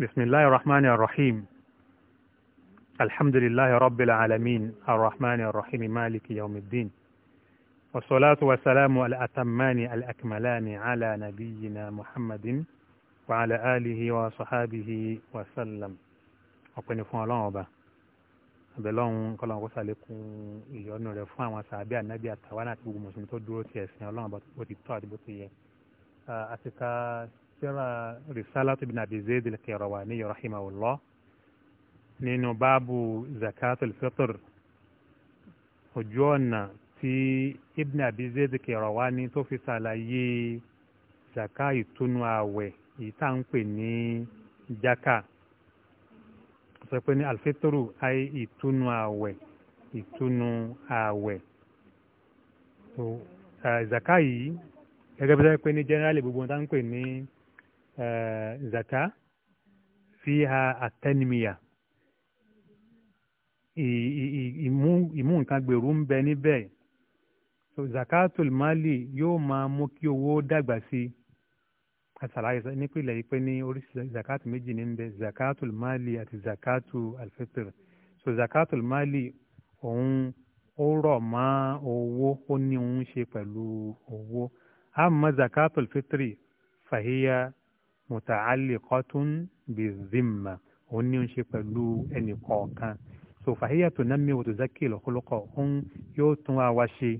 بسم الله الرحمن الرحيم الحمد لله رب العالمين الرحمن الرحيم مالك يوم الدين والصلاة والسلام الأتمان الأكملان على نبينا محمد وعلى آله وصحابه وسلم أقول فون الله أبا أبلون كلا غسا لكم يون رفوان وصحابي النبي التوانات بمسلم تدرو تيسين الله أبا تبوتي تات بوتي tíra risalatu bin abi zayd al-qirawani rahimahullah nínú báàbù zakatul fitr ojú ọ̀nà tí ibn abi zayd al-qirawani tó fi ṣàlàyé zaka ìtúnu ààwẹ̀ èyí tá à ń jaka sọ pé ní alfitru ayé ìtúnu ààwẹ̀ ìtúnu ààwẹ̀ so eh, zaka yìí gẹ́gẹ́ bí wọ́n pè ní generally gbogbo wọn tá à ń pè زكاة فيها التنمية. ìmú nǹkan gbèrú ń bẹ níbẹ̀ so zakatul mali yóò máa mú kí owó dàgbà sí i asàlàyé nípìnlẹ̀ yìí pé ní oríṣi zakatu méjì ní bẹ zakatul mali àti zakatu alfitr so zakatul mali òun ó rọ̀ mọ́ owó ó ní òun ṣe pẹ̀lú owó àmọ́ zakatul fitri fàhíyà muta'alliqatun bizimma òun ní ń ṣe pẹ̀lú ẹnì kọ̀ọ̀kan so fàhíyà tó ná mi ò tó zákì lọ́kọ́lọ́kọ́ òun yóò tún àwa ṣe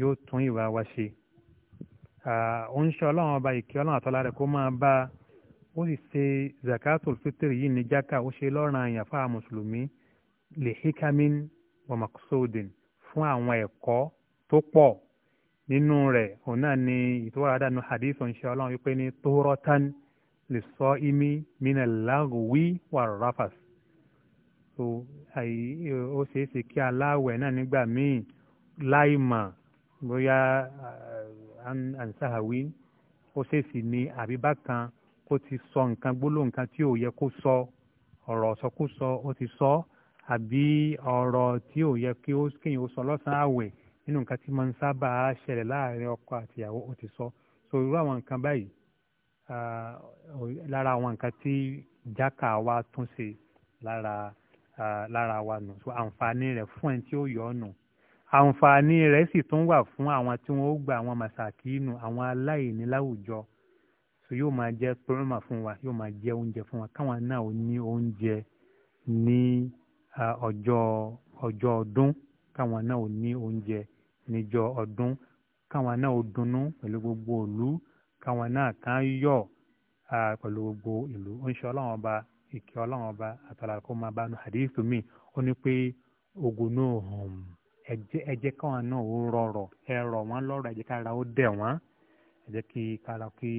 yóò tún ìwà wa ṣe ó ń ṣe ọlọ́run ọba ìkẹ́ ọlọ́run àtọ́lá rẹ̀ kó máa bá ó sì ṣe zakatul fitr yìí ní jáka ó ṣe lọ́ràn àyàn fáwa mùsùlùmí lè wa maqsudin fún àwọn ẹ̀kọ́ tó pọ̀ nínú rẹ̀ òun náà ni ìtúwàrádà nu hadith ń ṣe ọlọ́run wípé ní tóórọ́tán lè sọ imi mina lágùwí wà ráfàs so ó ṣeé ṣe kí aláwẹ̀ náà nígbà míì láì mà bóyá ansahawi ó ṣeé ṣe ní àbíbá kan kó ti sọ nǹkan gbólóhùn kan tí ò yẹ kó sọ ọ̀rọ̀ sọkúsọ ó ti sọ àbí ọ̀rọ̀ tí ò yẹ kí ó sọ lọ́sàn-án àwẹ̀ nínú nǹkan tí máa ń sábà ṣẹlẹ̀ láàrin ọkọ àtìyàwó ó ti sọ so irú àwọn nǹkan báyìí lára àwọn nǹkan tí jákà wa tún ṣe lára lára wa nù so àǹfààní rẹ̀ fún ẹni tí ó yọ ọ́ nù àǹfààní rẹ̀ sì tún wà fún àwọn tí wọ́n ó gba àwọn màsàkínù àwọn aláìní láwùjọ so yóò máa jẹ́ pírọ́mà fún wa yóò máa jẹ́ oúnjẹ fún wa káwọn náà ó ní oúnjẹ ní ọjọ́ ọdún káwọn náà ó ní oúnjẹ níjọ́ ọdún káwọn náà ó dunnú pẹ̀lú gbogbo ìlú káwọn náà kàn yọ̀ pẹ̀lú gbogbo ìlú ó ń ṣe ọlọ́run ọba ìkẹ́ ọlọ́run ọba àtàlà kó máa bá nu hadithu mi ó ní pé ogun náà hàn ẹ jẹ́ káwọn náà ó rọrọ̀ ẹ rọ̀ wọ́n lọ́rọ̀ ẹ kára ó dẹ̀ wọ́n ẹ kí kára kí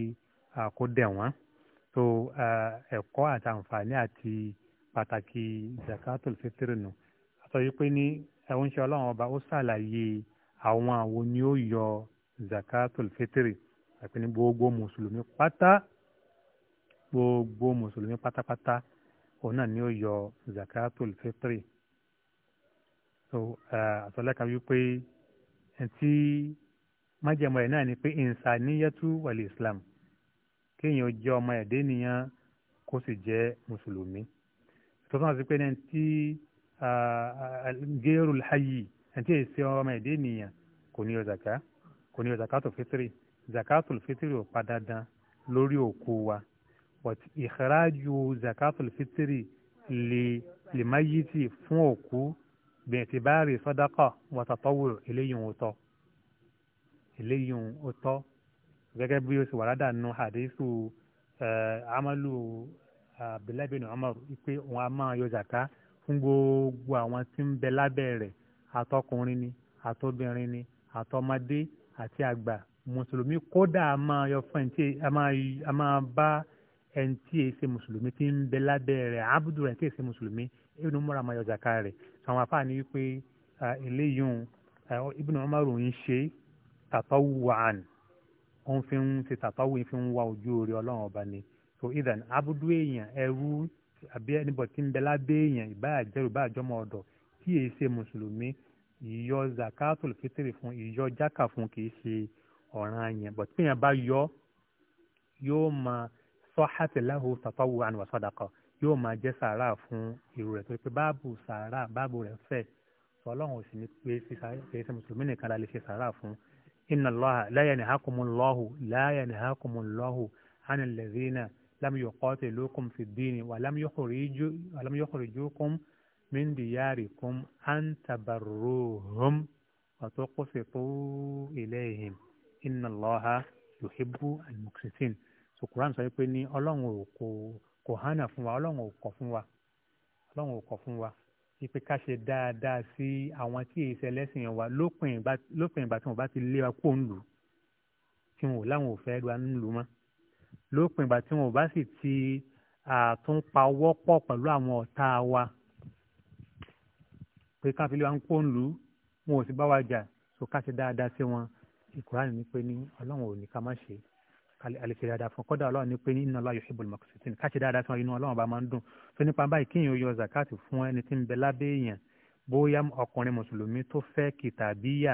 kó dẹ̀ wọ́n so ẹ̀kọ́ àti àǹfààní àti pàtàkì zakatul fitr nù àtọ́ yìí pé ní ẹ̀wọ̀n ṣe ọlọ́run ọba ó ṣàlàyé àwọn àwọn ni ó yọ zakatul fitiri àti ní gbogbo mùsùlùmí pátá gbogbo mùsùlùmí pátápátá òun náà ni ó yọ zakatul fitiri so àtọ́lẹ́ka wípé ẹtí májẹ̀mọ́ ẹ̀ náà ni pé ìnsàníyẹ́tú wàlẹ̀ islam kéèyàn jẹ́ ọmọ ẹ̀dẹ́ nìyẹn kó sì jẹ́ mùsùlùmí tó tún wá sí pé ẹni tí gẹ́rù láyìí ẹ̀ntì èsì ọmọ ẹ̀dẹ́ ènìyàn kò ní yọ zaka kò ní yọ zakatul fitri zakatul fitri ò pa dandan lórí òkú wa but ìxaraju zakatul fitri lè lè má yí tì fún òkú bẹ̀ẹ̀ ti bá rí sadaqa wàtàtọ́wò eléyìí ń tọ́ eléyìí ń tọ́ gẹ́gẹ́ bí o sì wà ládàá nù hadithu amalu abdullahi bin umar pé wọn a máa yọ zaka fún gbogbo àwọn tí ń bẹ lábẹ́ rẹ̀ àtọkùnrin ni àtobìnrin ni àtọmọdé àti àgbà mùsùlùmí kódà a máa yọ fún ẹni tí a máa bá ẹni tí èyí ṣe mùsùlùmí tí ń bẹ lábẹ́ rẹ̀ abudu rẹ̀ tí èyí ṣe mùsùlùmí Ibn Umar máa yọ zaka rẹ̀ àwọn afáà ní wípé eléyìí òun Ibn Umar ń ṣe tatawuan òun fi ń ṣe tàtọ́wù fi ń wá ojú orí ọlọ́run ọba ni so either abudu èèyàn ẹrú àbí ẹnibọ̀ tí ń bẹ lábẹ́ èèyàn ìbáàjẹ́rù ìbáàjọ́mọ́ ọ̀dọ̀ tí èyí ṣe mùsùlùmí ìyọ zakatul fitiri fún ìyọ jáka fún kì í ṣe ọ̀ràn yẹn bọ̀t bí yẹn bá yọ yóò máa sọ́hátì láhùn tàtọ́wù àníwá sọ́dàkọ yóò máa jẹ́ sàárà fún irú rẹ̀ torí pé báàbù sàárà báàbù rẹ̀ fẹ̀ sọlọ́run sì ní pé kì ṣe mùsùlùmí nìkan la lè ṣe sàárà fún inna allaha la yanhakumullahu la yanhakumullahu anil ladhina lam yuqatilukum fid dini wa lam yukhrijukum من دياركم أن تبروهم wa إليهم إن الله يحب yuhibbu al-muqsitin بني quran sọ pé ní ọlọ́run ò kò kò hánà fún wa ọlọ́run ò kọ̀ fún wa ọlọ́run ò kọ̀ fún wa ipe ká ṣe dáadáa sí àwọn tí èyí ṣẹlẹ́sìn wa lópin ìgbà tí wọ́n bá ti lé wa kó ń lù tí wọn ò láwọn ò fẹ́ wa ń lù mọ́ lópin ìgbà tí wọn bá sì ti àtúnpawọ́pọ̀ pẹ̀lú àwọn ọ̀tá wa pé káfílẹ̀ wa ń pò ń lù ú wọn ò sì bá wa jà so ká ṣe dáadáa sí wọn ìkùránì ní pé ní ọlọ́run ò ní ká má ṣe àlèṣe dáadáa fún kọ́dà ọlọ́run ní pé ní inna Allah yuhibbul muqsitin ká ṣe dáadáa sí wọn inú ọlọ́run bá máa ń dùn so nípa báyìí kíyìn oyọ zakati fún ẹni tí ń bẹ lábẹ́ èèyàn bóyá ọkùnrin mùsùlùmí tó fẹ́ kìtàbíyà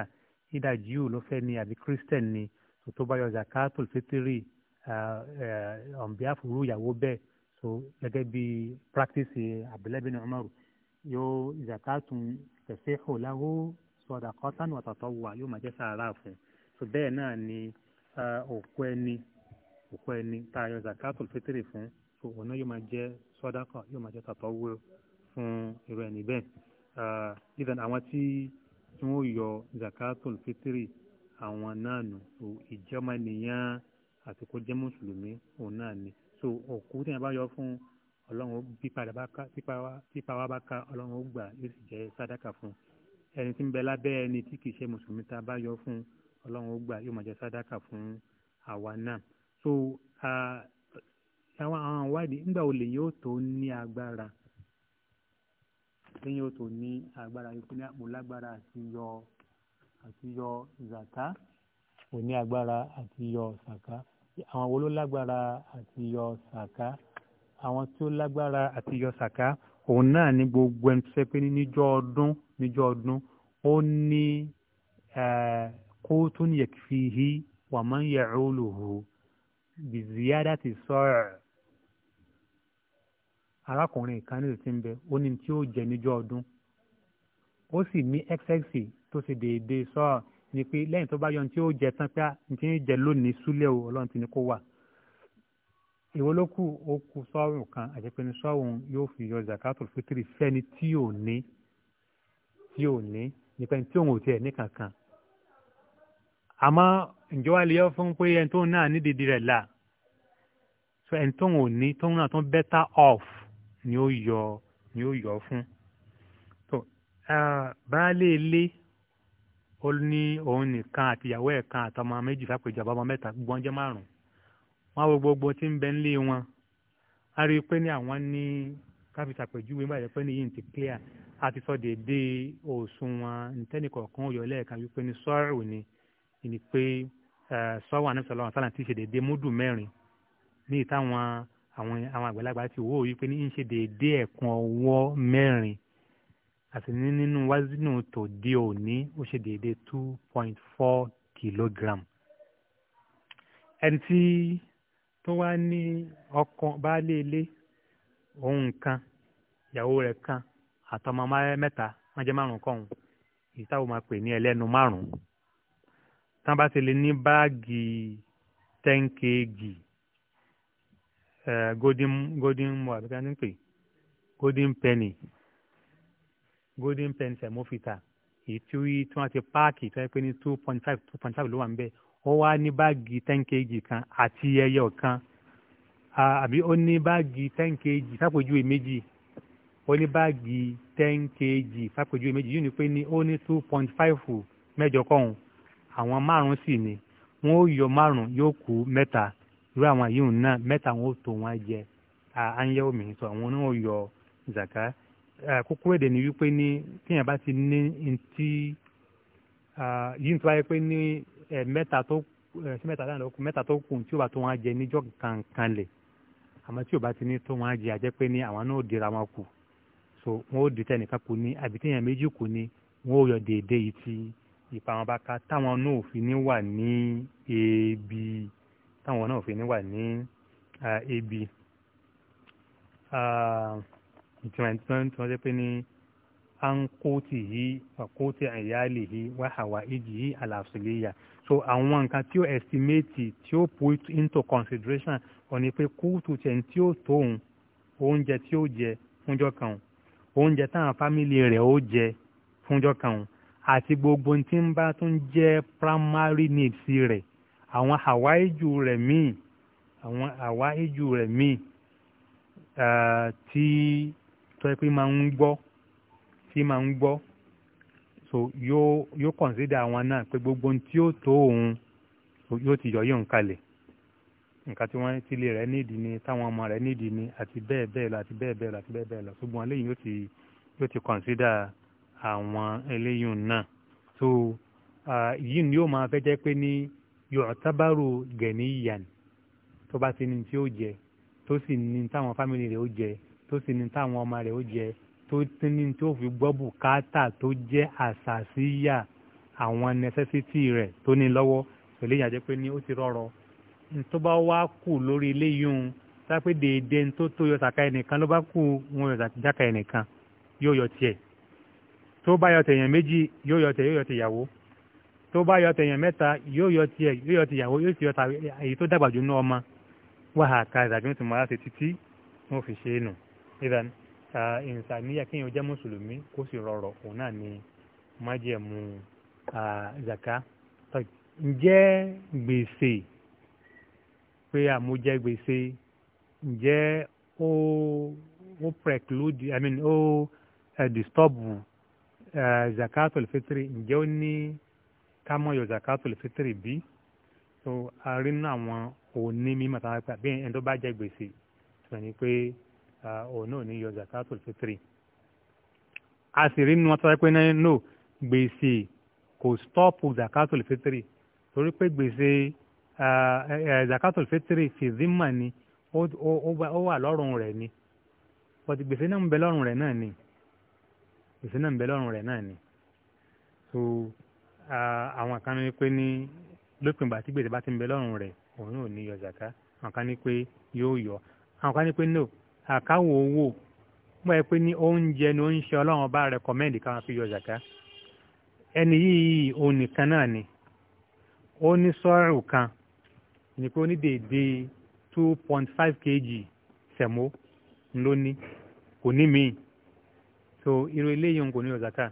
ìdá jíù ló fẹ́ ni àbí kírísítẹ̀n ni so tó bá yọ zakatul fitiri ọ̀nbíàfúrú practice eh, Abdullahi bin Umaru yóò zakatun tẹ̀síhù lahu sadaqatan wa tatawwa yóò máa jẹ́ sàárà fún so bẹ́ẹ̀ náà ni òkú ẹni òkú ẹni tá a yọ zakatul fitiri fún so òun náà yóò máa jẹ́ sadaqa yóò máa jẹ́ tatawwa fún irú ẹni bẹ́ẹ̀ ìdàn àwọn tí wọ́n yọ zakatul fitiri àwọn náà nù so ìjọba nìyẹn àti kó jẹ́ mùsùlùmí òun náà ni so òkú tí wọ́n bá yọ fún un ọlọ́run pípa wa bá ká ọlọ́run ó gbà yóò sì jẹ́ sádàkà fún ẹni tí ń bẹ lábẹ́ ẹni tí kìí ṣe mùsùlùmí tá a bá yọ fún ọlọ́run ó gbà yóò máa jẹ́ sádàkà fún àwa náà so àwọn àwọn àwádìí ńgbà olè yóò tó ní agbára lẹ́yìn yóò tó ní agbára yóò fún mo lágbára àti yọ àti yọ zàká kò agbára àti sàká àwọn wo ló lágbára àti sàká àwọn tí ó lágbára àti yọ sàká òun náà ní gbogbo ẹni tó ṣe pé níjọ́ ọdún níjọ́ ọdún ó ní kóòtù ní yẹkìfìhí wà máa ń yẹ olùhù bìzíyádà ti sọ̀rọ̀ arákùnrin kan nílùú tí ń bẹ ó ní tí ó jẹ níjọ́ ọdún ó sì ní xxc tó ṣe déédéé sọ̀rọ̀ ni pé lẹ́yìn tó bá yọ ní tí ó jẹ tán pé ní tí ń jẹ lónìí súlẹ̀ ọlọ́run ti ní kó wà èwo ló kù ó kù sọ́ọ̀rùn kan àjẹpẹ́ni sọ́ọ̀rùn yóò fi yọ zakatul fitiri fẹ́ni tí ò ní tí ò ní nípa tí òun ò tiẹ̀ ní kankan àmọ́ ǹjẹ́ wàá lè yọ fún pé ẹni tó náà ní dídí rẹ̀ là so ẹni tó ń ní tó ń náà tó better off ni ó yọ ni ó yọ fún so baálé ilé ó ní òun nìkan àtìyàwó ẹ̀ kan àtọmọ méjì fàpèjọba ọmọ mẹ́ta gbọ́njẹ́ márùn-ún wọ́n á wo gbogbo tí ń bẹ ń lé wọn a rí i pé ní àwọn ní káfíńtà pẹ̀júwe ń bàjẹ́ pé ní yìí ń ti clear a ti sọ dédé òṣùwọ̀n ntẹ́nìkọ̀ọ̀kan òyò lẹ́ẹ̀kan wípé ní sọ́ọ̀rù ni ni pé sọ́ọ̀rù àná sọ̀rọ̀ àwọn sálà ti ṣe dédé múdù mẹ́rin ní ìtàwọn àwọn àwọn àgbàlagbà ti wò ó wípé ní ń ṣe dédé ẹ̀kún ọwọ́ mẹ́rin àti nínú wázínù tòde òní ó ṣe dédé two point four kilogram ẹni tí tó wá ní ọkàn baálé ilé òun kan ìyàwó rẹ̀ kan àtọmọ mẹ́ta wọ́n jẹ́ márùn kọ́hún èyí táwọn máa pè ní ẹlẹ́nu márùn tán bá ti lè ní báàgì ten kg golden golden mo àbíká ní pè golden penny golden penny thermofita èyí tí wọ́n ti páàkì tó yẹ pé ní two point five two point five ló wà ń bẹ́ẹ̀ wọ́n wá ní báàgì ten kg kan àti ẹyọ kan àbí ó ní báàgì ten kg sápòjúwe méjì ó ní báàgì ten kg méjì yìí ni pé ní ó ní two point five mẹ́jọ kọ́hún àwọn márùn-ún sì ni wọ́n ó yọ márùn-ún yóò kú mẹ́ta irú àwọn yìí náà mẹ́ta wọn ó tó wọn jẹ àáyẹ́ omi sọ àwọn oníwọ̀n yọ zaka kókó èdè ni wípé ní tíyẹn bá ti ní ntí yìí ń tó wáyé pé ní mẹ́ta tó sí mẹ́ta dáná lọ́kùn mẹ́ta tó kù tí o bá tó wọn jẹ níjọ́ kankan lẹ̀ àmọ́ tí o bá ti ní tó wọn jẹ àjẹ́ pé ní àwọn náà dira wọn kù so wọn ó di tẹnìkan kù ní àbí téèyàn méjì kù ní wọn ó yọ déédéé yìí tí ipa wọn bá ká táwọn náà òfin ní wà ní ebi táwọn náà òfin ní wà ní ebi ìtumọ̀ ìtumọ̀ tí wọ́n ṣe pé ní an kóòtì yìí kóòtì àyálì yìí wàhàwà ìjì yìí àlàfùsùlẹ̀ yìí so àwọn nǹkan tí ó estimate tí ó put into consideration ọ̀nà pé kóòtù tiẹ̀ tí ó tó òun oúnjẹ tí ó jẹ fúnjọ́ kan òun oúnjẹ táwọn fámìlì rẹ̀ ó jẹ fúnjọ́ kan òun àti gbogbo tí ń bá tún jẹ́ primary needs rẹ̀ àwọn àwáìjù rẹ̀ míì àwọn àwáìjù rẹ̀ míì eh, tí tọ́ ẹ pé máa ń gbọ́ tí máa ń gbọ́ so yóò yóò consider àwọn náà pé gbogbo ohun tí ó tó òun yóò ti yọ yóò ń kalẹ̀ nǹkan tí wọ́n tilé rẹ̀ nídìí ni táwọn ọmọ rẹ̀ nídìí ni àti bẹ́ẹ̀ bẹ́ẹ̀ lọ àti bẹ́ẹ̀ bẹ́ẹ̀ lọ àti bẹ́ẹ̀ bẹ́ẹ̀ lọ ṣùgbọ́n eléyìí yóò ti yóò ti kọ̀nsídà àwọn eléyìí náà so yìí ni yóò máa fẹ́ jẹ́ pé ní yóò tábàrò gẹ̀níyàn tó bá ti ní tí ó jẹ tó sì ní táwọn fámìlì rẹ̀ ó jẹ tó sì ní táwọn ọmọ rẹ̀ ó jẹ tó tíní tó fi gbọ́ bùkátà tó jẹ́ àṣàṣìyà àwọn necessity rẹ̀ tó ní lọ́wọ́ pẹ̀lú ìyàjẹ́ pé ní ó ti rọrọ tó bá wá kù lórí ilé yìí ń sápé dèédé tó tó yọ sàkà ẹnìkan ló bá kù wọn yọ sàkà ẹnìkan yóò yọ tiẹ̀ tó bá yọ tẹ̀yàn méjì yóò yọ tẹ̀ yóò yọ tìyàwó tó bá yọ tẹ̀yàn mẹ́ta yóò yọ tiẹ̀ yóò yọ tìyàwó yóò sì yọ èyí tó dàgbà ní ọmọ wàhálà kàdà bí wọ́n ti mọ aláṣẹ títí fi ṣe é nù ìnsàníyà kéèyàn jẹ́ mùsùlùmí kó sì rọrọ̀ òun náà ni májẹ̀mú zaka ǹjẹ́ gbèsè pé àmójẹ gbèsè ǹjẹ́ o ó preclude i mean o uh, disturb uh, zakatul fitri ǹjẹ́ ó ní ká mọ̀ yọ zakatul fitri bí so a rí nínú àwọn òní mímọ̀ táwọn pé àbí ẹni tó bá jẹ gbèsè tó ní pé òun náà ní yọ fitri a sì rí nínú wọn pé náà no gbèsè kò stọ́ọ̀pù zakatul fitri torí pé gbèsè zakatul fitri fìdímà ni ó wà lọ́rùn rẹ̀ ni but gbèsè náà ń bẹ lọ́rùn rẹ̀ náà ni gbèsè náà ń bẹ lọ́rùn rẹ̀ náà ni so àwọn kan ní pé ní lópin ìgbà tí gbèsè bá ti ń bẹ lọ́rùn rẹ̀ òun ò ní yọ zaka àwọn kan ní pé yóò yọ àwọn kan ní pé no àkáwọn owó mọ ẹ pé ní oúnjẹ ni ó ń ṣe ọlọ́run bá rẹkọmẹ́ndì káwọn fi yọ zaka ẹni yìí òun náà ni ó ní sọ́ọ̀rù kan ní pé ó ní dèédé two point five kg sẹ̀mó ló ní kò ní míì so irú eléyìí òun kò ní yọ zaka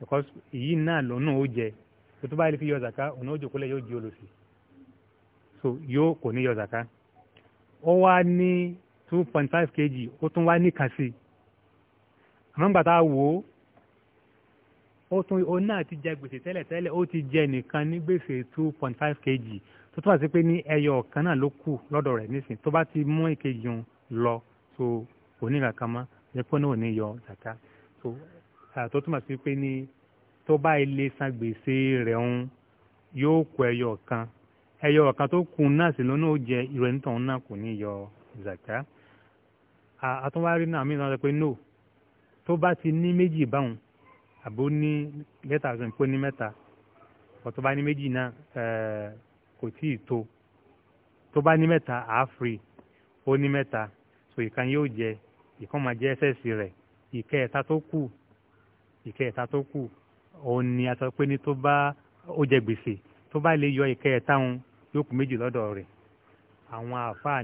because èyí náà lòun ó jẹ tó tó bá lè fi yọ zaka òun náà ó jòkó lẹ̀ yóò di olùsí so yóò kò ní yọ zaka ó wá ní two point five kg ó tún wá níkan sí i àmọ́ nígbà tá a wò ó ó tún ó náà ti jẹ gbèsè tẹ́lẹ̀tẹ́lẹ̀ ó ti jẹ nìkan ní gbèsè two point five kg tó túmọ̀ sí pé ní ẹyọ kan náà ló kù lọ́dọ̀ rẹ̀ nísìn tó bá ti mú ìkejì òun lọ so òní kankan mọ́ jẹ́ pé náà ò ní yọ zaka so tó túmọ̀ sí pé ní tó bá ilé san gbèsè rẹ̀ òun yóò kù ẹyọ kan ẹyọ kan tó kù náà sì lónà ó jẹ ìrẹ̀ntàn náà kò ní yọ zaka àtúnwárí náà mí náà pé no tó bá ti ní méjì báwọn àbó ní lẹ́tà àti ìpò ní mẹ́ta ọ̀tọ́ bá ní méjì náà eh, kò tí ì tó tó bá ní mẹ́ta ó ní mẹ́ta so ìkan yóò jẹ ìkan máa jẹ ẹsẹ̀ sí rẹ̀ tó kù tó kù òun ni pé ní tó bá yọ òun yóò kù méjì lọ́dọ̀ rẹ̀ àwọn àáfàá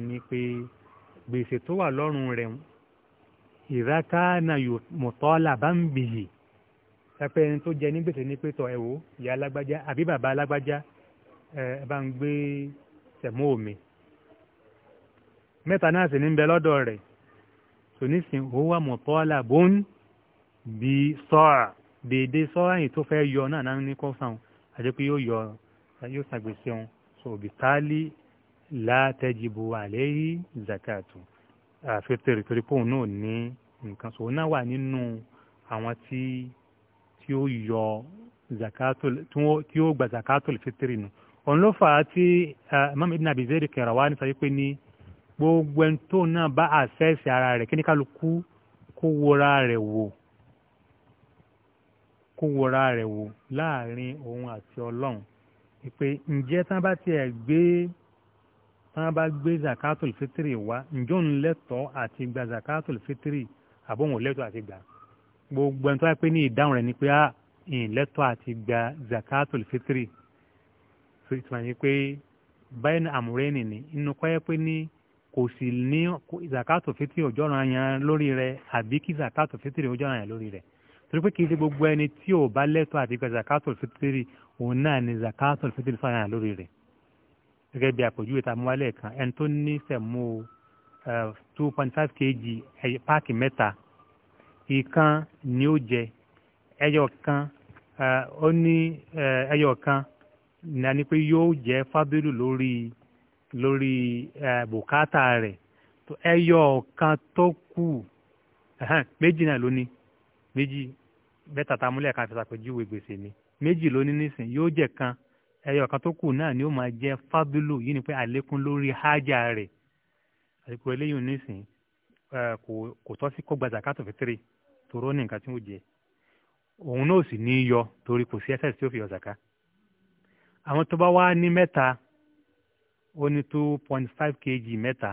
gbèsè tó wà lọ́rùn rẹ̀ ń ìrákàánà mọ̀tọ́lá bá ń bìyì sápẹ́ ẹni tó jẹ ní gbèsè ní pẹ́tọ̀ ẹ̀ wò ìyá alágbájá àbí bàbá alágbájá ẹ bá ń gbé sẹ̀mú omi mẹ́ta náà sì ní bẹ lọ́dọ̀ rẹ̀ tòníṣìn ó wà mọ̀tọ́lá bó ń bi sọ́ọ̀à déédéé yìí tó fẹ́ yọ náà náà ní kọ́sàn àti pé yóò yọ yóò ṣàgbèsè òun so òbítálí la tajibu alayhi zakatu àfẹ́tẹ̀rẹ̀ torí pé òun náà ní nǹkan sọ òun náà wà nínú àwọn tí tí ó yọ zakatu tí ó gba zakatu fẹ́tẹ̀rẹ̀ nù òun ló fà á tí imam ibn abi zayd Qayrawani sọ pé ní gbogbo ẹni tó náà bá àṣẹ́ẹ̀sì ara rẹ̀ kí ní kálukú kó wọra rẹ̀ wò kó wọra rẹ̀ wò láàrin òun àti ọlọ́run pé ǹjẹ́ tán bá tiẹ̀ gbé tán bá gbé zakatul fitiri wá ǹjọ́ ń lẹ́tọ̀ọ́ àti gba zakatul fitiri àbọ̀wọ̀n lẹ́tọ̀ọ́ àti gbà gbogbo ẹni tó wá pé ní ìdáhùn rẹ̀ ni pé ah ìlẹ́tọ̀ọ́ àti gba zakatul fitiri tó ìtumọ̀ ni pé báyìí ní àmúrẹ́ nìní inú kọ́ yẹ pé ní kò sì ní zakatul fitiri ọjọ́ ọ̀ràn yẹn lórí rẹ̀ àbí kí zakatul fitiri ọjọ́ ọ̀ràn yẹn lórí rẹ̀ torí pé kì í ṣe gbogbo ẹni tí ò bá lẹ́tọ̀ọ́ àti gba zakatul fitiri òun náà ni zakatul fitiri sọ̀ràn yẹn lórí rẹ̀ gẹ́gẹ́ bí àpèjúwe tá a mú wálé kan ẹni tó ní sẹ̀mú two point five kg páàkì mẹ́ta ìkan ni ó jẹ ẹyọ kan ó ní ẹyọ kan ní a ní pé yóò jẹ fábílù lórí lórí bùkátà rẹ̀ ẹyọ kan tó kù méjì náà lóní méjì bẹ́ẹ̀ tàtàmúlẹ̀ kan fi ṣàpèjúwe gbèsè ni méjì lóní nísìn yóò jẹ kan ẹyọ kan tó kù náà ni ó máa jẹ fábúlù yìí ni pé àlékún lórí hájà rẹ̀ àdìpọ eléyìí nísìn kò tọ́ sí kó zakato fitiri toró ní nǹkan tí ó jẹ òun náà sì ní í yọ torí kò sí ẹsẹ̀ tí ó fi yọ zaka àwọn tó bá wá ní mẹ́ta ó ní two point five kg mẹ́ta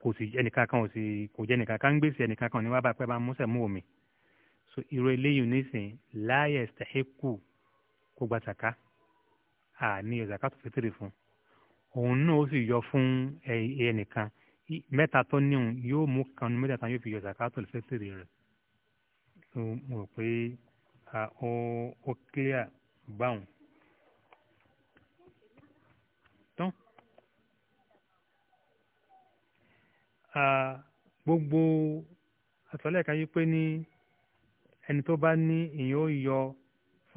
kò sì ẹnìkan kan ò sì kò jẹ ẹnìkan kan ń gbèsè ẹnìkan kan ò ní wá bá pẹ́ bá mú mú omi so irú eléyìí nísìn láyẹ̀ stẹ̀hẹ́kù kó gba sàká àní ọ̀sàká tó fitiri fún òun náà ó sì yọ fún ẹnìkan mẹ́ta tó níhùn yóò mú kan mẹ́ta tán yóò fi yọ sàká tó fitiri rẹ̀ tó mo rò pé ó clear báwọn. gbogbo àtọ́lẹ̀ kan yí pé ní ẹni tó bá ní ìyẹn ó yọ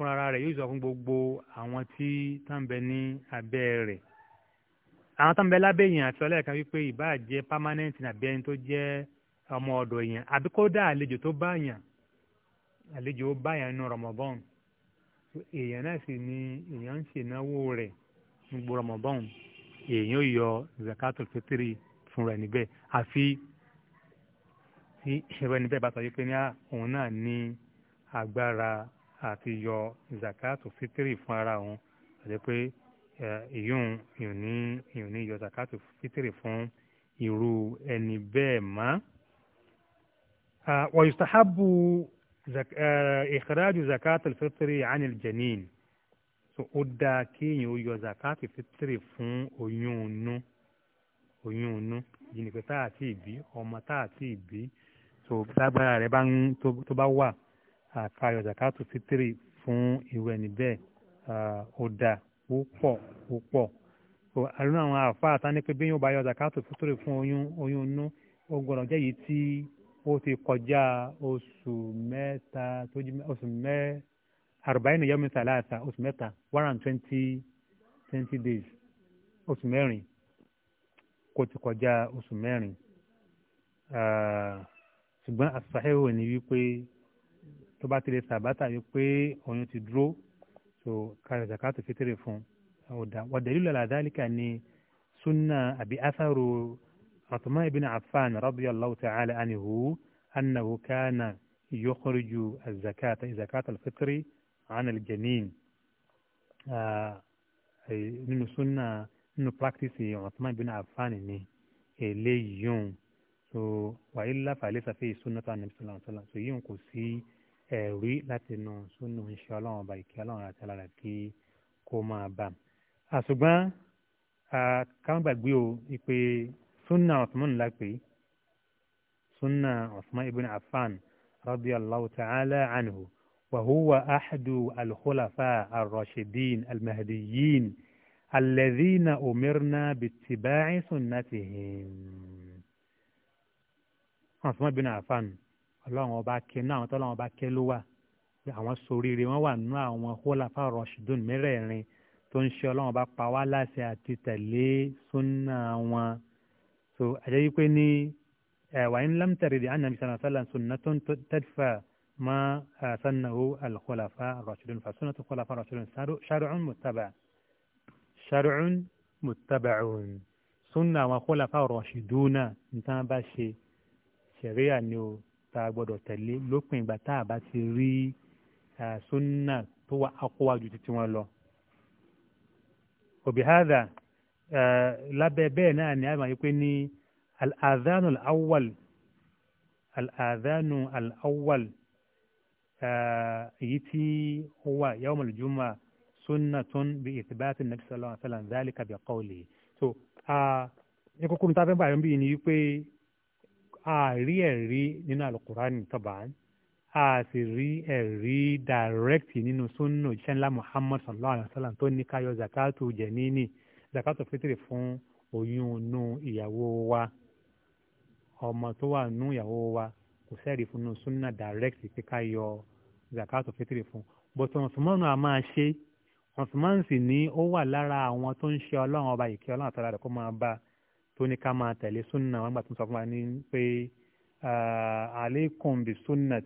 fúnra rẹ̀ yóò sọ fún gbogbo àwọn tí tàǹbẹ̀ ní abẹ́ rẹ̀ àwọn tàǹbẹ̀ lábẹ́ èèyàn àti ọlẹ́ẹ̀kan wípé ìbáà jẹ́ permanent àbí ẹni tó jẹ́ ọmọ ọ̀dọ̀ èèyàn àbí kódà àlejò tó bá yàn àlejò ó bá yàn nínú Ramadan èèyàn náà sì ni èèyàn ń ṣènáwó rẹ̀ gbogbo Ramadan èèyàn ò yọ zakatul fitri fún rẹ̀ níbẹ̀ àfi tí ìṣẹ̀rọ ẹni bẹ́ẹ̀ bá sọ wípé ní òun náà ní agbára àti yọ zakatu fitiri fún ara òun àti pé ìyóhun ìyóhun ní yọ zakatu fitiri fún irú ẹni bẹ́ẹ̀ má. wa yustahabu ikhraju zakatu fitiri anil janin so ó dáa kéèyàn ó yọ zakatu fitiri fún oyún inú oyún inú yìí ni pé tá àti ìbí ọmọ tá àti ìbí so lágbára rẹ bá ń tó bá wà àkàyọ zakatu fitiri fún irú ẹni bẹ́ẹ̀ ó dáa púpọ̀ púpọ̀ àrùn àwọn àfáà tán ní pé bí yóò bá yọ zakatu fitiri fún oyún oyún inú ó gbọ́dọ̀ jẹ́ yìí tí ó ti kọjá oṣù mẹ́ta tó jí oṣù mẹ àrùbáyìn yẹmi sàlàsà oṣù mẹ́ta one and twenty twenty days oṣù mẹ́rin kó ti kọjá oṣù mẹ́rin ṣùgbọ́n àṣàhẹ́wò ni wípé tó bá ti lè sàbátà yìí pé oyún ti dúró so kàrẹ̀ zakatu fitiri fún ọ̀dà wàdàlílù àlàdálíkà ni sunna àbí asaru ọ̀tùmá ibn Affan radiyallahu ta'ala anhu annahu kana yukhriju az-zakata zakata al-fitri an al-janin ah, nínú sunna nínú practice ọ̀tùmá ibn Affan ni eléyìí yóò so wàhálà fàlẹ́ sàfẹ́ sunnata nàbísọ̀lá so yìí kò sí ẹ̀rí láti nu súnú iṣẹ́ ọlọ́run ọba ìkẹ́ ọlọ́run àti alára kí kó máa bà. àṣùgbọ́n káwọn gbàgbé o ìpè súnà Uthman ńlá pé súnà Uthman ibn Affan radiyallahu ta'ala anhu wa huwa ahadu al-khulafa ar-rashidin al-mahdiyyin alladhina umirna bittiba'i sunnatihim. Uthman ọlọ́run ọba kẹ nínú àwọn tọ́lọ́run ọba kẹ ló wà àwọn soríire wọn wà nínú àwọn hólàfà rọ̀ṣùdùn mẹ́rẹ̀ẹ̀rin tó ń ṣe ọlọ́run ọba pa wá láṣẹ àti tẹ̀lé súnà wọn so àjẹ́ wípé ní ẹ̀wà ń lámtẹ̀rẹ̀ dì ánà bisana sálà súnà tó ń tẹ́fà má sannahu alhólàfà rọ̀ṣùdùn fàṣúnà tó hólàfà rọ̀ṣùdùn ṣàrùn mùtàbà ṣàrùn mùtàbà òun súnà àwọn hólàfà rọ̀ṣùdùn náà ní tán bá ṣe ṣẹ̀ríyà ni o tá a gbọ́dọ̀ tẹ̀lé lópin ìgbà tá a bá ti rí sunna tó wà akọ́wájú títí wọn lọ. òbí hádà lábẹ́ bẹ́ẹ̀ náà ni a máa yí pé ní al-adhanu al-awwal al-adhanu al-awwal èyí tí ó wà yawm al-jum'a sunnatun bi ithbati an-nabi sallallahu alaihi wasallam dhalika bi qawli so ní kókó mi tá a fẹ́ báyọ̀ ni wípé àárí ẹ̀rí nínú alukurani tọ́ba a sì rí ẹ̀rí direct nínú sunna òjíṣẹ́ ńlá muhammad sallallahu alayhi wa sallam tó ní káyọ zakatu jẹ̀nínì zakatu fitiri fún oyún inú ìyàwó wa ọmọ tó wà nú ìyàwó wa kò sẹ́ẹ̀rí fún inú sunna direct pé káyọ zakatu fitiri fún bọ́tọ̀ ọ̀sùnmọ́nù a máa ṣe ọ̀sùnmọ́nù sì ní ó wà lára àwọn tó ń ṣe ọlọ́run ọba ìkẹ́ ọlọ́run àtàlà rẹ̀ kó máa bá a. توني كما تلي سنة وما تنصف في عليكم بسنة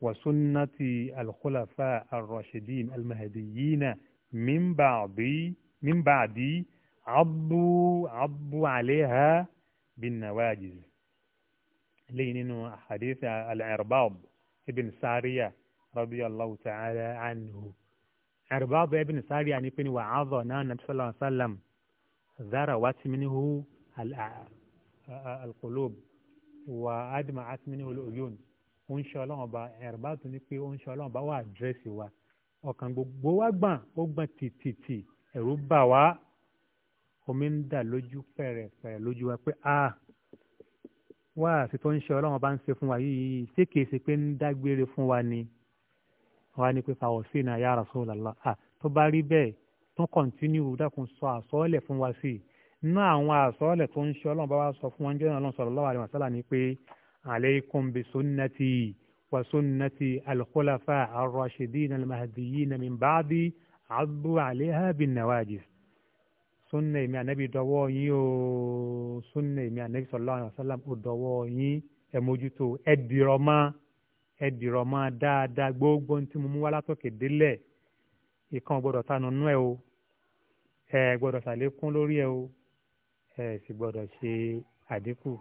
وسنة الخلفاء الراشدين المهديين من بعد من بعد عضوا عضوا عليها بالنواجذ لين حديث العرباب ابن سارية رضي الله تعالى عنه عرباب ابن سارية يعني وعظنا النبي صلى الله عليه وسلم ذروت منه القلوب وأدمعت منه العيون ó شاء الله ọlọ́run ọba ẹ̀rọ̀bátún ni pé ó ń ṣe ọlọ́run ọba wà àdírẹ́sì wa ọkàn gbogbo wa gbọ̀n ó gbọ̀n tìtìtì ẹ̀rù bà wá omi ń dà lójú pẹ̀rẹ̀pẹ̀rẹ̀ lójú wa pé a wá àti tó ń ṣe ọlọ́run ọba ń ṣe fún wa yìí ṣé kìí ṣe pé ń dágbére fún wa ni wa ni pé fàwọ̀ sí ìnáyà Rasulullah à tó bá rí bẹ́ẹ̀ tún kọ̀ntínú dákun sọ àsọ́ọ̀lẹ̀ fún wa sí i nínú àwọn àsọ́ọ̀lẹ̀ tó ń ṣe ọlọ́run bá wa sọ fún wọn jẹ́ ọlọ́run sallallahu alaihi wasallam ní pé alaykum bi sunnati wa sunnati al-khulafa ar-rashidin al-mahdiyyin min ba'di addu 'alayha bin-nawajidh sunna èmi ànábì dọwọ́ yín o sunna èmi ànábì sallallahu alaihi wasallam ó dọwọ́ yín ẹ mójútó ẹ dáadáa gbogbo ohun mo mú wá látòkè délẹ̀ ìkan gbọ́dọ̀ tanu nú ẹ o ẹ gbọ́dọ̀ ṣàlékún lórí ẹ o ẹ sì gbọ́dọ̀ ṣe àdínkù.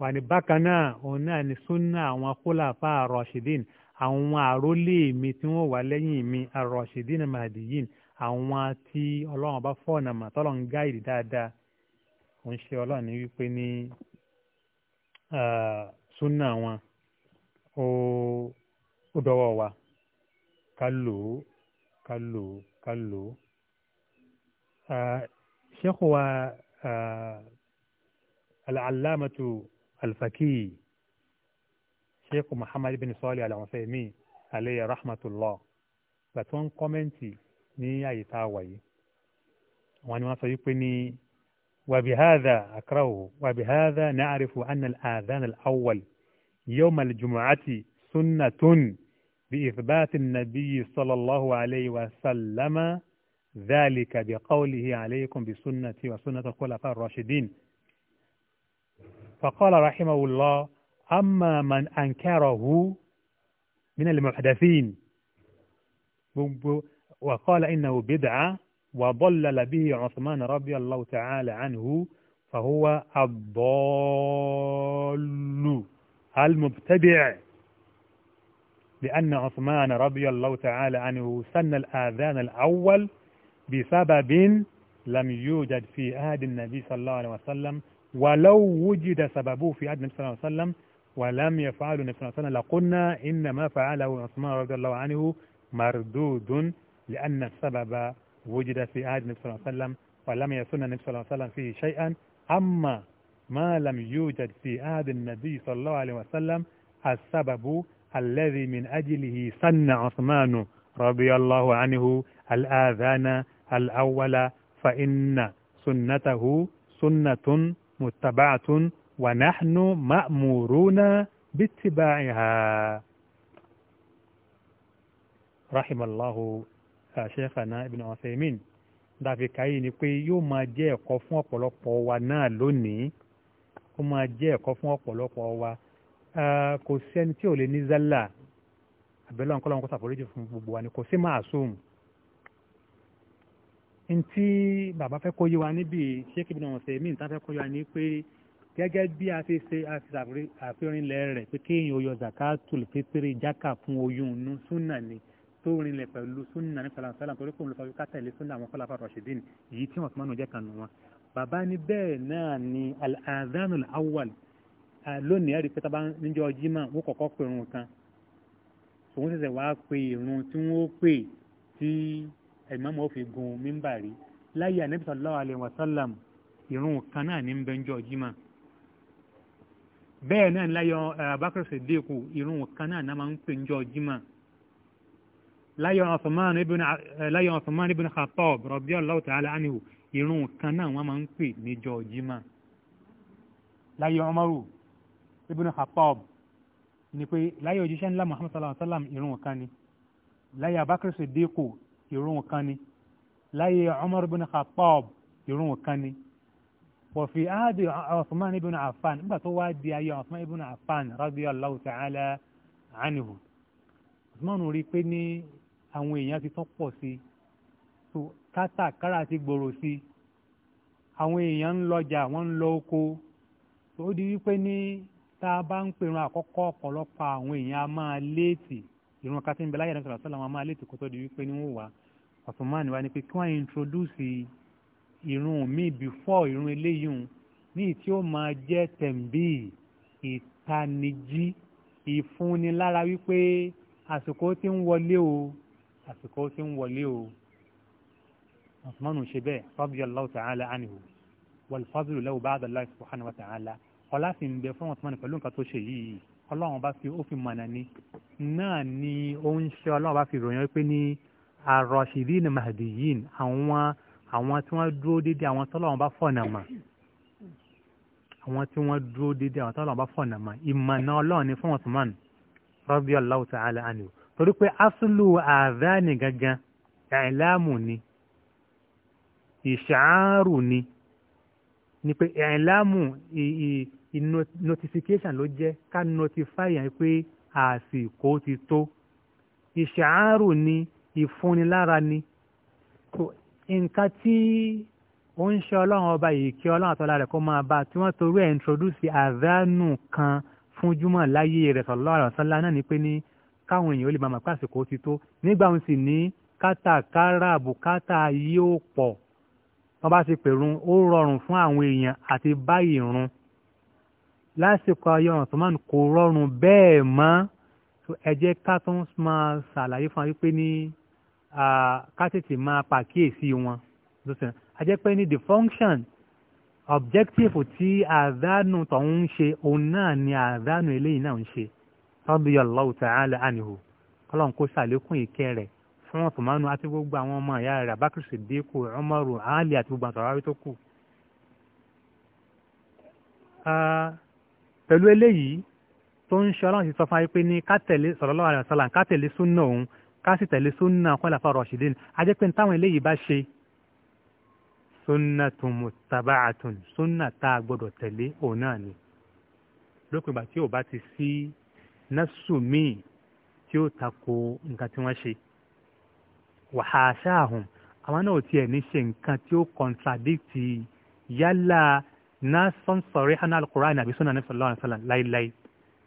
wà bákan náà òun náà ni súnà àwọn khulafa rashidin àwọn àrólé mi tí wọ́n wà lẹ́yìn mi ar-rashidin mahdiyin àwọn tí ọlọ́run bá fọ́ọ̀nà mà tọ́lọ́ ń gáìdì dáadáa òun ṣe ọlọ́run ní wípé ní súnà wọn ó dọwọ́ wa. kallu kallu kalo kalo آه شيخ هو آه العلامة shekhu muhammad ibn sali صالح العثيمين عليه رحمة الله باتون كومنتي ní àyè tá a wà yìí wọn ni wọn wípé ní wàbí hàdà àkàràwò wàbí hàdà nàárẹ̀fù ànà àdán àwọl yóò màlì jùmọ̀átì súnà tóun بإثبات النبي صلى الله عليه وسلم ذلك بقوله عليكم بسنتي وسنة الخلفاء الراشدين فقال رحمه الله أما من أنكره من المحدثين وقال إنه بدعة وضلل به عثمان رضي الله تعالى عنه فهو الضال المبتدع لأن عثمان رضي الله تعالى عنه سن الآذان الأول بسبب لم يوجد في عهد النبي صلى الله عليه وسلم ولو وجد سببه في عهد النبي صلى الله عليه وسلم ولم يفعله النبي صلى الله عليه وسلم لقلنا إن ما فعله عثمان رضي الله عنه مردود لأن السبب وجد في عهد النبي صلى الله عليه وسلم ولم يسن النبي صلى الله عليه وسلم فيه شيئا أما ما لم يوجد في عهد النبي صلى الله عليه وسلم السبب الذي من أجله سن عثمان رضي الله عنه الآذان الأول فإن سنته سنة متبعة ونحن مأمورون باتباعها رحم الله شيخنا ابن عثيمين dàbí káyé ni pé yóò máa jẹ́ ẹ̀kọ́ fún ọ̀pọ̀lọpọ̀ wa náà lónìí ó máa jẹ́ ẹ̀kọ́ fún ọ̀pọ̀lọpọ̀ wa kò sí ẹni tí ò lè ní zálà àbẹ̀lẹ̀ ọ̀nkọ́ lọ́wọ́ kó ṣàforíjì fún gbogbo wa ni kò sí màásùm ntí bàbá fẹ́ kó yé wa níbi ṣéèkì bí wọ́n ṣe mí nǹkan fẹ́ kó yé wa ní pé gẹ́gẹ́ bí a ṣe ṣe àfihàn rẹ̀ pé kéèyàn oyọ zakatul fitri jáka fún oyún nu súnà ni tó rinlẹ̀ pẹ̀lú súnà ní falasala torí kò ń lọ fọwọ́ ká tẹ̀lé súnà àwọn fọlá fàrọ̀ ṣèdín yìí tí wọ́n ti máa ń jẹ́ kan wọn. bàbá ní bẹ́ẹ̀ náà ni al-adhanul lónìí ẹ̀rí pé tábà níjọ́ jimá wọ́n kọ́kọ́ pè irun kan òun ṣẹ̀ṣẹ̀ wá pe irun tí wọ́n pè tí ẹ̀mọ́mọ́ fi gun mímbà rí láyé ànábì sallallahu alaihi wasallam irun kan náà ní bẹ́ńjọ́ jimá bẹ́ẹ̀ náà láyé Abubakar Siddiq irun kan náà náà máa ń pè níjọ́ jimá láyé Uthman ibn Khattab radiyallahu ta'ala anhu irun kan náà wọ́n máa ń pè níjọ́ jimá láyé Umaru ibùnú Khattab ni pé láyé òjíṣẹ́ ńlá Muhammad sallallahu alayhi wa sallam irun kan ni láyé Abakar Siddiqu irun kan ni láyé Umar ibùnú Khattab irun kan ni wọ̀fì áàdì Uthman ibùnú Affan nígbà tó wá di ayé Uthman ibùnú Affan radiyallahu ta'ala anhu Uthman rí pé ní àwọn èèyàn ti tọ́ pọ̀ sí so kátàkárà ti gbòòrò sí àwọn èèyàn ń lọjà wọ́n ń lọ oko ó di wípé ní tá a bá ń pèrun àkọ́kọ́ ọ̀pọ̀lọpọ̀ àwọn èèyàn a máa léètì ìrun kátí ń bẹ láyé àdéhùn sọ̀rọ̀ a máa léètì kó tó di wípé ní wọ́n wà Osman wá ní pé kí wọ́n introduce ìrun mi before ìrun eléyìí ní tí ó máa jẹ́ tẹ̀m̀bì ìtanijí ìfúnnilára wípé àsìkò tí ń wọlé o àsìkò tí ń wọlé o Osman ṣe bẹ́ẹ̀ radiyallahu ta'ala anhu wal fadlu lahu ba'da Allah subhanahu wa ta'ala ọlá sì ń bẹ fún ọ̀túnmọ́ni pẹ̀lú nǹkan tó ṣe yìí ọlọ́run bá fi ó fi mọ̀nà ni náà ni ó ń ṣe ọlọ́run bá fi ròyìn pé ní arọ̀ṣìdín mahdiyin àwọn àwọn tí wọ́n dúró déédéé àwọn tọ́lọ́run bá fọ̀nà mọ̀ àwọn tí wọ́n dúró déédéé àwọn tọ́lọ́run bá fọ̀nà mọ̀ ìmọ̀nà ọlọ́run ni fún ọ̀túnmọ́ni radiyallahu ta'ala anhu torí pé aslu àdáni gangan ìlàmù ni ìṣàárù ni ni pé ìlàmù notification ló jẹ́ ká notify yẹn pé àsìkò ti tó ìṣàárò ni ìfúnnilára ni nǹkan tí ó ń ṣe ọlọ́run ọba yìí kí ọlọ́run àtọ́lá rẹ̀ kó máa bá tí wọ́n torí ẹ̀ introduce àdánù kan fún júmọ̀ láyé rẹ̀ sallallahu alaihi náà ni pé ní káwọn èèyàn ó lè máa mọ̀ pé àsìkò ti tó nígbà wọn sì ní kátàkárà bùkátà yóò pọ̀ wọ́n bá ti pèrun ó rọrùn fún àwọn èèyàn àti báyìí run lásìkò ayé Usman kò rọrùn bẹ́ẹ̀ mọ́ ẹ jẹ́ ká tó máa ṣàlàyé fún wa wípé ní ká tètè máa pàkíyèsí wọn a jẹ́ pé ní the function objective tí àdánù tọ̀hún ń ṣe òun náà ni àdánù eléyìí náà ń ṣe radiyallahu ta'ala anhu kọ́lọ́n kó ṣàlékún ìkẹ́ rẹ̀ fún ọ̀tùmánú àti gbogbo àwọn ọmọ ìyá rẹ̀ abakar sidiku umaru ali àti gbogbo àtàwọn tó kù pẹ̀lú eléyìí tó ń ṣe ọlọ́run ti sọ fún wa pé ní ká tẹ̀lé sallallahu alaihi wasallam ká tẹ̀lé súnà òun ká sì tẹ̀lé súnà khulafa rashidin ajẹ́ pé táwọn eléyìí bá ṣe sunnatun muttaba'atun súnà tá a gbọ́dọ̀ tẹ̀lé òun náà ni lópin ìgbà tí ò bá ti sí násù míì tí ó tako nǹkan tí wọ́n ṣe wàhásà àhùn àwọn náà ò tiẹ̀ ní ṣe nǹkan tí ó kọ̀ǹtradíkì yálà nasan sarihan al-Qur'an àbí sunan ní sallallahu alaihi wasallam láíláí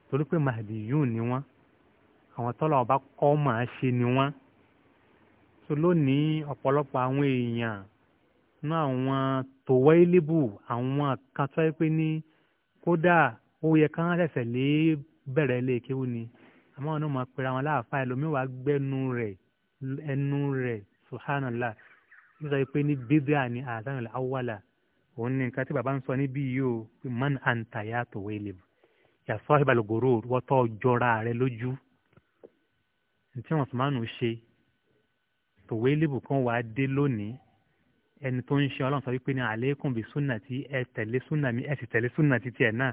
torí pé mahdiyun ni wọ́n àwọn tọ́lọ̀ ọba kọ́ máa ṣe ni wọ́n so lónìí ọ̀pọ̀lọpọ̀ àwọn èèyàn ní àwọn tòwẹ́lébù àwọn kan tó yẹ pé ní kódà ó yẹ ká ṣẹ̀ṣẹ̀ lé bẹ̀rẹ̀ ilé kéwú ni àmọ́ àwọn náà máa pera wọn láàfáà ẹlòmíwàá gbẹ́nu rẹ̀ ẹnu rẹ̀ subhanallah nítorí pé ní bíbí àní àtàwọn òun ní nǹkan tí bàbá ń sọ níbí yìí o man anta ya tuwelib ya sahibal gurur wọ́tọ́ jọra rẹ lójú ntí wọn sùmánù ṣe tuwelib kan wàá dé lónìí ẹni tó ń ṣe ọlọ́run sọ wípé ní alaykum bí súnà tí ẹ tẹ̀lé súnà mi ẹ sì tẹ̀lé súnà tiẹ̀ náà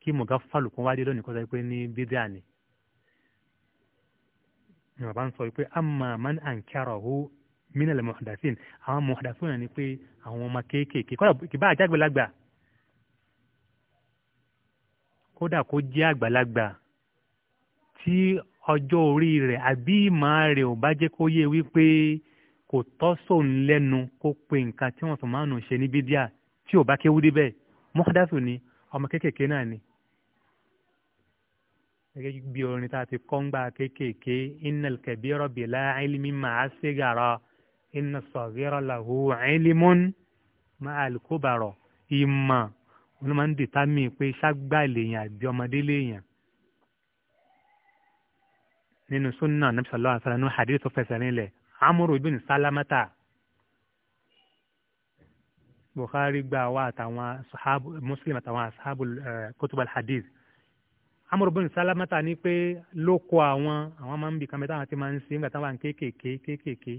kí mọ̀gá fàlùkún wá dé lónìí kó sọ wípé ní bídíà ni. ni bàbá ń sọ wípé amma man ankarahu mina lẹ́mọ̀ ọ̀dàsìn àwọn ọmọ ọ̀dàsìn náà ni pé àwọn ọmọ kéékèèké kódà kìbá àjàgbélagbà kódà kó jẹ́ àgbàlagbà tí ọjọ́ orí rẹ̀ àbí ìmọ̀ rẹ̀ ò bá jẹ́ kó yé wípé kò tọ́ sóun lẹ́nu kó pe nǹkan tí wọ́n sọ máa nù ṣe ní bídíà tí ò bá kéwú débẹ̀ mọ́kádásù ni ọmọ kéékèèké náà ni. gẹ́gẹ́ bí orin tá a ti kọ́ ń gba kéékèèké innal kabira bila ilmi ma'a sigara inna as-saghira lahu ilmun ma'al kubara ìmọ̀ wọn máa ń dìtámì pé ṣágbà lèèyàn àbí ọmọdé lèèyàn nínú sunna nabi sallallahu alaihi wasallam nínú hadith tó fẹsẹ̀ nílẹ̀ amúrò ibn sálámátà bukhari gba wa àtàwọn sahabu muslim àtàwọn sahabu kutubal hadith amúrò ibn sálámátà ní pé lóko àwọn àwọn máa ń bì kan bẹ́ẹ̀ máa ń sin nígbà táwọn kéékèèké kéékèèké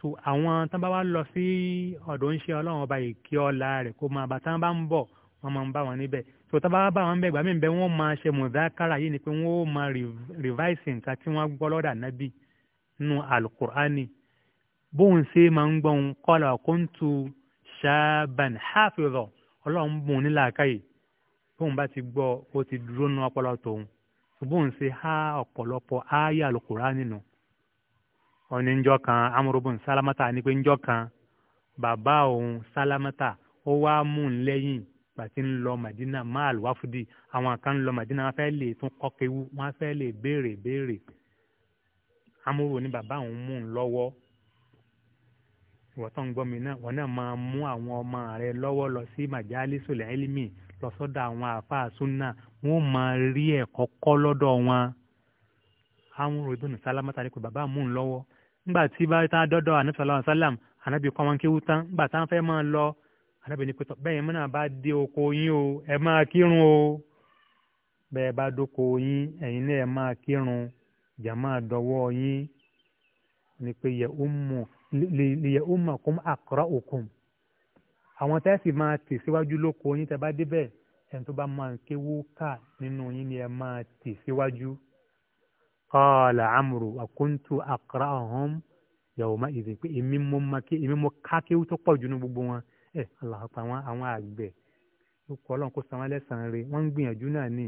so àwọn tán bá wá lọ sí ọ̀dọ̀ ń ṣe ọlọ́run ọba ìkí ọ̀la rẹ̀ kó máa bá tán bá ń bọ̀ wọ́n máa ń bá wọn níbẹ̀ so tán bá bá wọn bẹ̀ gbàmí bẹ́ẹ̀ wọ́n máa ṣe mùdákàrà yìí ni pé wọ́n ó máa rìváìsì nǹkan tí wọ́n gbọ́ lọ́dà nábì nínú alukur'ani bóun ṣe máa ń gbọ́n kọ́lá kuntu ṣáàbàn hafizọ ọlọ́run bùn ní làákàyè bóun bá ti gbọ́ ó ti dúró nínú ọpọlọ tòun bóun ṣe há ọ̀pọ̀lọpọ̀ ááyà alukur'ani nù wọn njọkan njọ́ kan amúrúbùn sálámátà ní pé njọ́ kan bàbá òun salamata ó wá mú lẹ́yìn ń lọ madina maal wa àwọn kan ń lọ màdínà wọn fẹ́ lè tún kọ́kẹ́wú wọn fẹ́ lè béèrè béèrè òun mú un lọ́wọ́ ń gbọ́ ọmọ rẹ lọ́wọ́ lọ sí àwọn àáfàá máa rí ẹ̀kọ́ kọ́ lọ́dọ̀ wọn ńgbà tí bá tán dọ́dọ̀ ànábì sallallahu alaihi wasallam ànábì kọ́ wọn kéwú tán ńgbà tán fẹ́ máa lọ ànábì ní pẹ́tọ́ bẹ́ẹ̀ mọ́nà bá dé oko o ẹ máa kírun o bẹ́ẹ̀ bá dóko yín ẹ̀yin náà ẹ máa kírun jàmáà dọwọ́ yín ni pé yẹ ummu li yẹ ummakum aqra'ukum àwọn tẹ́sì máa tì síwájú lóko yín tẹ́ bá débẹ̀ ẹni tó bá máa kéwú ká nínú yín ni ẹ máa tì síwájú. Si kọ́ọ̀lá amúrù àkóńtù àkàrà ọ̀hún yàwòmá ìdè pé èmi mo ma ké èmi mo ká kéwú tó pọ̀ jù ní gbogbo wọn ẹ aláàpá àwọn àwọn àgbẹ̀ ó kọ́ ọlọ́run kó sanwó lẹ́sàn-án rẹ̀ wọ́n ń gbìyànjú náà ní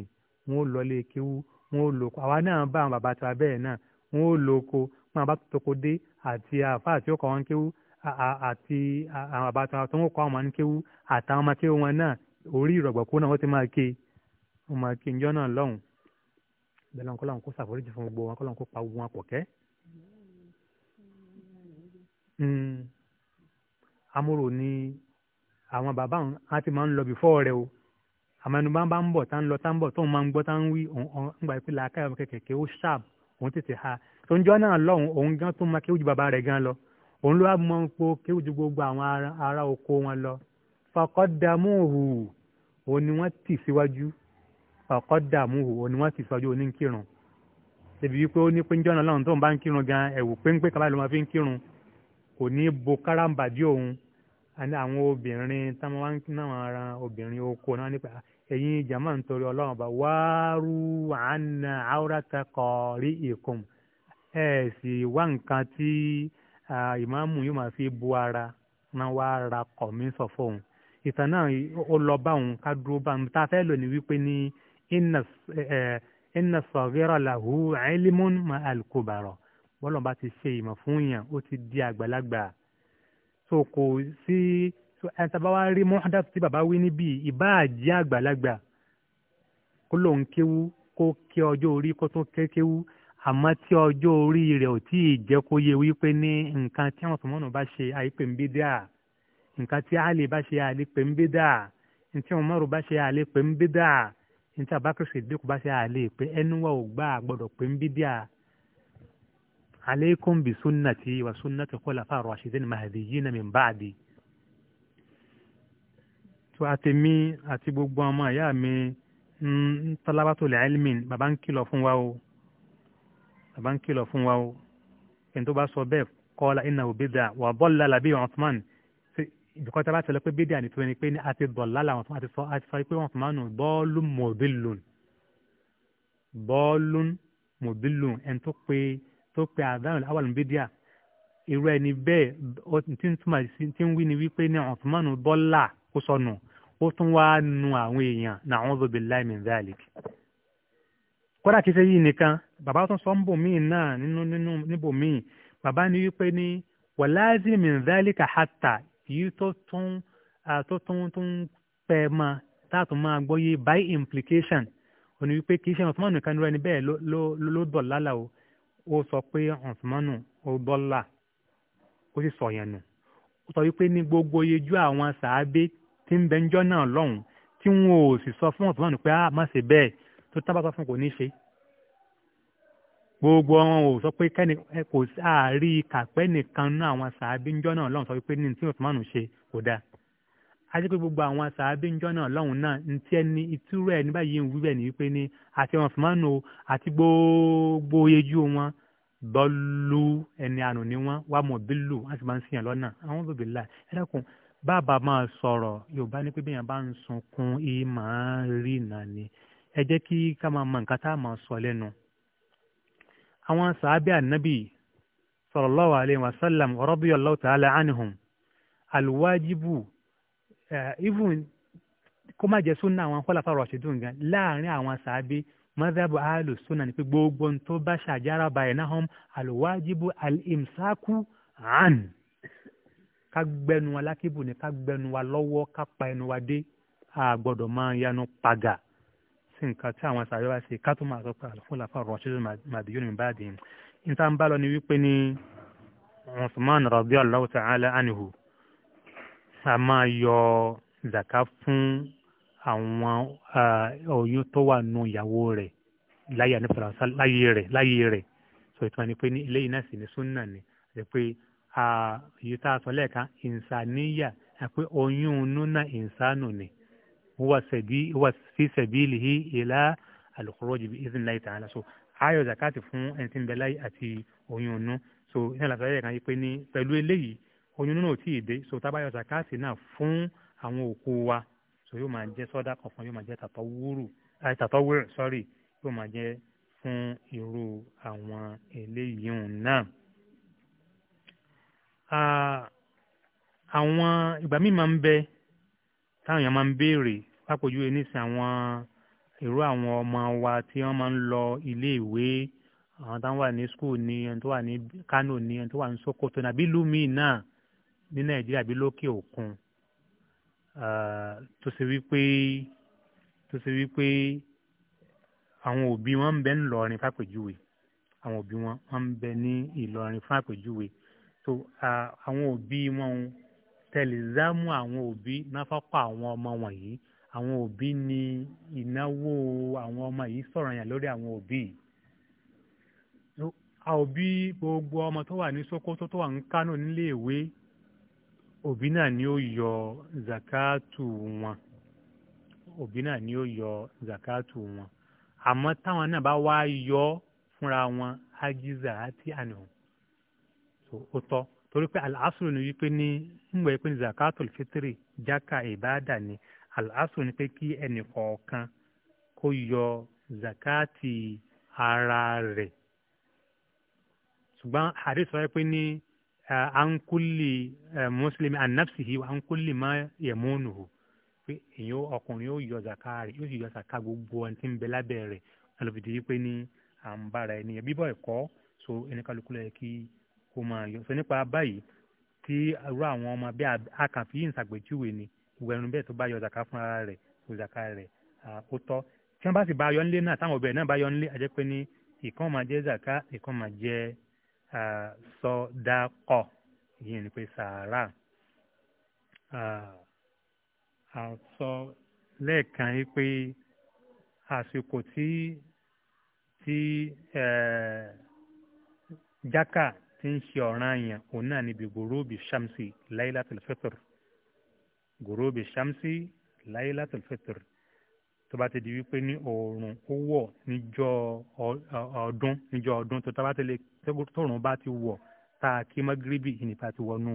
wọ́n ó lọlé kéwú wọ́n ó lóko àwa náà bá àwọn bàbá tiwa bẹ́ẹ̀ náà wọ́n ó lóko wọ́n àbá tòkó dé àti àfa àti ọkọ̀ wọn kéwú àti àwọn bàbá tiwa tó ń kọ́ àwọn wọn kéwú àtàwọn ọmọ kéwú wọn náà orí ìrọ̀gbọ̀kú náà wọ́n ti máa ké wọ́n máa ké ńjọ́ náà lọ́hùn-ún bẹ́ẹ̀ kọ́ làwọn kó ṣàforíjì fún gbogbo wọn kọ́ làwọn kó pa gbogbo wọn pọ̀ kẹ́. Hmm. amúrò ni àwọn bàbá àwọn á ti máa ń lọ bìfọ́ rẹ o àmọ́ ẹnu bá ń bá ń bọ̀ tá ń lọ tá ń bọ̀ tóun máa ń gbọ́ tá ń wí ńgbà pé làákàyọ̀ ọmọ kẹ̀kẹ́ ó ṣáàbù òun tètè ha tó ń jọ́ náà lọ́hùn òun gan tó máa kéwùjú bàbá rẹ̀ gan lọ òun ló wá mọ po kéwùjú gbogbo àwọn ará oko wọn lọ fakọ́dàmúhù òun ni wọ́n tì síwájú ọ̀kọ́ dààmú wò ni wọ́n ti sọ ọjọ́ oníkírun ṣèbí wípé ó ní pé ń jọ́nà lọ́run tó ń bá ń kírun gan ẹ̀wù péńpé kaba ló máa fi ń kírun kò ní bo káràmbàdì òun àwọn obìnrin táwọn wá ń kí náà ara obìnrin oko náà nípa ẹ̀yin jàmáà ń torí ọlọ́run ọba wáárù àánà áwúrátà kọ̀ọ̀rí ìkùn ẹ̀ sì wá nǹkan tí ìmáàmù yóò máa fi bu ara náà wá ra kọ̀ mí sọ fóun ìtàn náà ó lọ bá òun ká dúró bá òun tá a fẹ́ lò ní wípé ní inna inna saghira lahu ilmun ma'al kubara bọ́lọ̀ bá ti ṣe ìmọ̀ fún yàn ó ti di àgbàlagbà so kò sí ẹ̀ńtàbáwá rí muhdath tí bàbá wí níbí ìbá àjẹ́ àgbàlagbà kó ló ń kéwú kó ké ọjọ́ orí kó tó ké kéwú àmọ́ tí ọjọ́ orí rẹ̀ ò tí ì jẹ́ kó yẹ wípé ní nǹkan tí àwọn sọmọ́nù bá ṣe àìpé ń bí dáa nǹkan tí Ali bá ṣe àlepé ń bí dáa nǹkan tí Umaru bá ṣe àlepé ń bí dáa níta Abubakar Siddiq bá ṣe àlè pé ẹnu wa ò gbà gbọdọ̀ pé ń bídíà aleikum bi sunnati wa sunnati khulafa rashidin mahdiyyin min ba'di tó àti mi àti gbogbo ọmọ ìyá mi ń talabatul ilmin bàbá ń kìlọ̀ fún wa o bàbá ń kìlọ̀ fún wa o ẹni tó sọ bẹ́ẹ̀ qala innahu bid'a wa dallala bihi Uthman ìdùkọ́ tá a bá sọ pé bídíà ní tó ẹni pé a ti bọ̀ lálẹ́ àwọn fún àti sọ àti sọ pé wọ́n fún mánu bọ́ọ̀lù mọ̀bílùn bọ́ọ̀lù mọ̀bílùn ẹni tó pe tó pe àdáhùn àwọn bídíà irú ẹni bẹ́ẹ̀ tí ń túmọ̀ sí tí ń wí ni wípé ní àwọn fún mánu bọ́ọ̀là kó sọnù ó tún wá nu àwọn èèyàn náà wọn bèbè láì mí dáàlìkì kódà kìí ṣe yìí nìkan bàbá tún sọ ń bò mí yìí tó tún tó tún tó ń pẹ́ mọ́ táàtún máa gbọ́ yé by implication òní wípé kì í ṣe ọ̀sùnmọ́nù kan ní ẹni bẹ́ẹ̀ ló dọ̀ lálà o ó sọ pé ọ̀sùnmọ́nù ó dọ́là ó sì sọ̀yàn nù ó sọ wípé ní gbogbo yejú àwọn sàábé tí ń bẹ ń jọ́ náà lọ́hùn tí wọn ò sì sọ fún ọ̀sùnmọ́nù pé á má ṣe bẹ́ẹ̀ tó tábà sọ fún kò ní ṣe gbogbo wọn ò sọ pé kẹ́ni kò sáàárí kàpẹ́ nìkan nú àwọn sàábí ńjọ́ náà lọ́hùn sọ pé ní tí Usman ṣe kò dáa àti pé gbogbo àwọn sàábí ńjọ́ náà lọ́hùn náà ntí ẹni ìtúrú ẹ̀ ní báyìí ń wí bẹ́ẹ̀ ni wípé ní àti Usman o àti gbogbo oyejú wọn bọ́lú ẹni àná ni wọ́n wà mọ̀ bílù wọ́n sì máa ń sìyàn lọ́nà àwọn bèbè là ẹ dákun bàbá máa sọ̀rọ̀ Yorùbá ní pé bẹ́ẹ̀ bá ń sunkún ìmọ̀ rí nàní ẹ jẹ́ kí ká máa mọ nǹkan tá a máa sọ lẹ́nu àwọn sàábẹ́ ànábì sallallahu alayhi wa sallam radiyallahu ta'ala anhum alwajibu even kó má jẹ́ súnà àwọn khulafa rashidun gan láàrin àwọn sàábẹ́ madhabu ahlu sunna ni pé gbogbo n tó bá ṣàjára bainahum alwajibu alimsaku an ká gbẹnu wa lákìbù ni ká gbẹnu wa lọ́wọ́ ká pa ẹnu wa dé a máa yanu paga sí nǹkan tí àwọn sàbẹ̀ bá ṣe ká tó máa sọ pé àlùfò làfà rọ̀ ṣíṣe màdì yóò ní bá dì níta ń bá lọ ni wípé ní Usman radiyallahu ta'ala anhu a máa yọ zaka fún àwọn oyún tó wà nù ìyàwó rẹ̀ láyé ànífọ̀rọ̀ láyé rẹ̀ láyé rẹ̀ sọ ìtàn ni pé ní ilé yìí náà sì ní súnà ni àti pé èyí tá a sọ lẹ́ẹ̀kan ìǹsàníyà àti pé oyún nù náà ìǹsánù ni huwa sabi huwa fi sabilihi ila al-khuruj bi idhnillahi ta'ala so ayọ̀ zakati fún ẹni tí ń bẹ láyé àti oyún ọ̀nù so iná làtọ̀ ayẹyẹ kan yìí pé ní pẹ̀lú eléyìí oyún náà ò tí ì dé so tábàyọ̀ zakati náà fún àwọn òkú wa so yóò máa jẹ́ sọ́dà kọ̀ọ̀kan yóò máa jẹ́ tàtọ́wúrù eh, tàtọ́wúrù sorry yóò máa jẹ́ fún irú àwọn eléyìí òun náà. àwọn ìgbà míì máa ń bẹ táwọn èèyàn máa ń béèrè lápòjúwe nísìn àwọn irú àwọn ọmọ wa tí wọ́n máa ń lọ ilé ìwé àwọn táwọn wà ní skul ni ẹni tó wà ní Kano ni ẹni tó wà ní Sokoto ní àbí ìlú míì náà ní Nàìjíríà àbí lókè òkun ah, tó ṣe wípé tó ṣe wípé àwọn òbí wọn ń bẹ ní Ìlọrin fàpèjúwe àwọn òbí wọn wọn ń bẹ ní Ìlọrin fàpèjúwe so ah, àwọn òbí wọn tẹlẹ zámù àwọn òbí náfàkọ àwọn ọmọ wọ̀nyí àwọn òbí ni ìnáwó àwọn ọmọ yìí sọ̀rọ̀ yàn lórí àwọn òbí a òbí gbogbo ọmọ tó wà ní Sokoto tó wà ní Kano nílé ìwé òbí náà ni ó yọ zakatu wọn òbí náà ni ó yọ zakatu wọn àmọ́ táwọn náà bá wá yọ fúnra wọn ajiza àti àná ó tọ́ torí pé al-aslu ni wípé ní ń wẹ̀ pé ní zakatul fitri jaka ìbáàdà ni al-aslu ni pé kí ẹnì kọ̀ọ̀kan kó yọ zakati ara rẹ̀ ṣùgbọ́n hadith sọ pé ní an kulli eh, muslimi an nafsihi ma yamunuhu pé èyàn ọkùnrin yóò yọ zaka rẹ̀ yóò sì yọ zaka gbogbo ẹni tí ń bẹ lábẹ́ rẹ̀ alùpùpù yìí pé ní à ń bára ẹni bíbọ̀ ẹ̀kọ́ so ẹni kálukú lọ yẹ kí ó máa yọ so nípa báyìí tí irú àwọn ọmọ bí a kàn fi ni gbogbo ẹnu bẹ́ẹ̀ tó bá yọ zaka fún ara rẹ̀ kò zaka rẹ̀ ó tọ́ tí wọ́n bá sì bá yọ nílé náà táwọn ọbẹ̀ náà bá yọ nílé àjẹ́ pé ní ìkan máa jẹ́ zaka ìkan máa jẹ́ sọdákọ̀ yìí ni pé sàárà àsọ lẹ́ẹ̀kan yìí pé àsìkò tí tí jákà ti ń ṣe ọ̀ranyàn òun náà ni bìbòrò bìṣàmsì láìlátul fitr. Gorobe shamsi, laila fitr tó bá ti di wípé ní oòrùn ó wọ̀ níjọ́ ọdún níjọ́ ọdún tó tábà tẹ̀lé tóòrùn bá ti wọ̀ tá a kí magribi ìnìta ti wọnú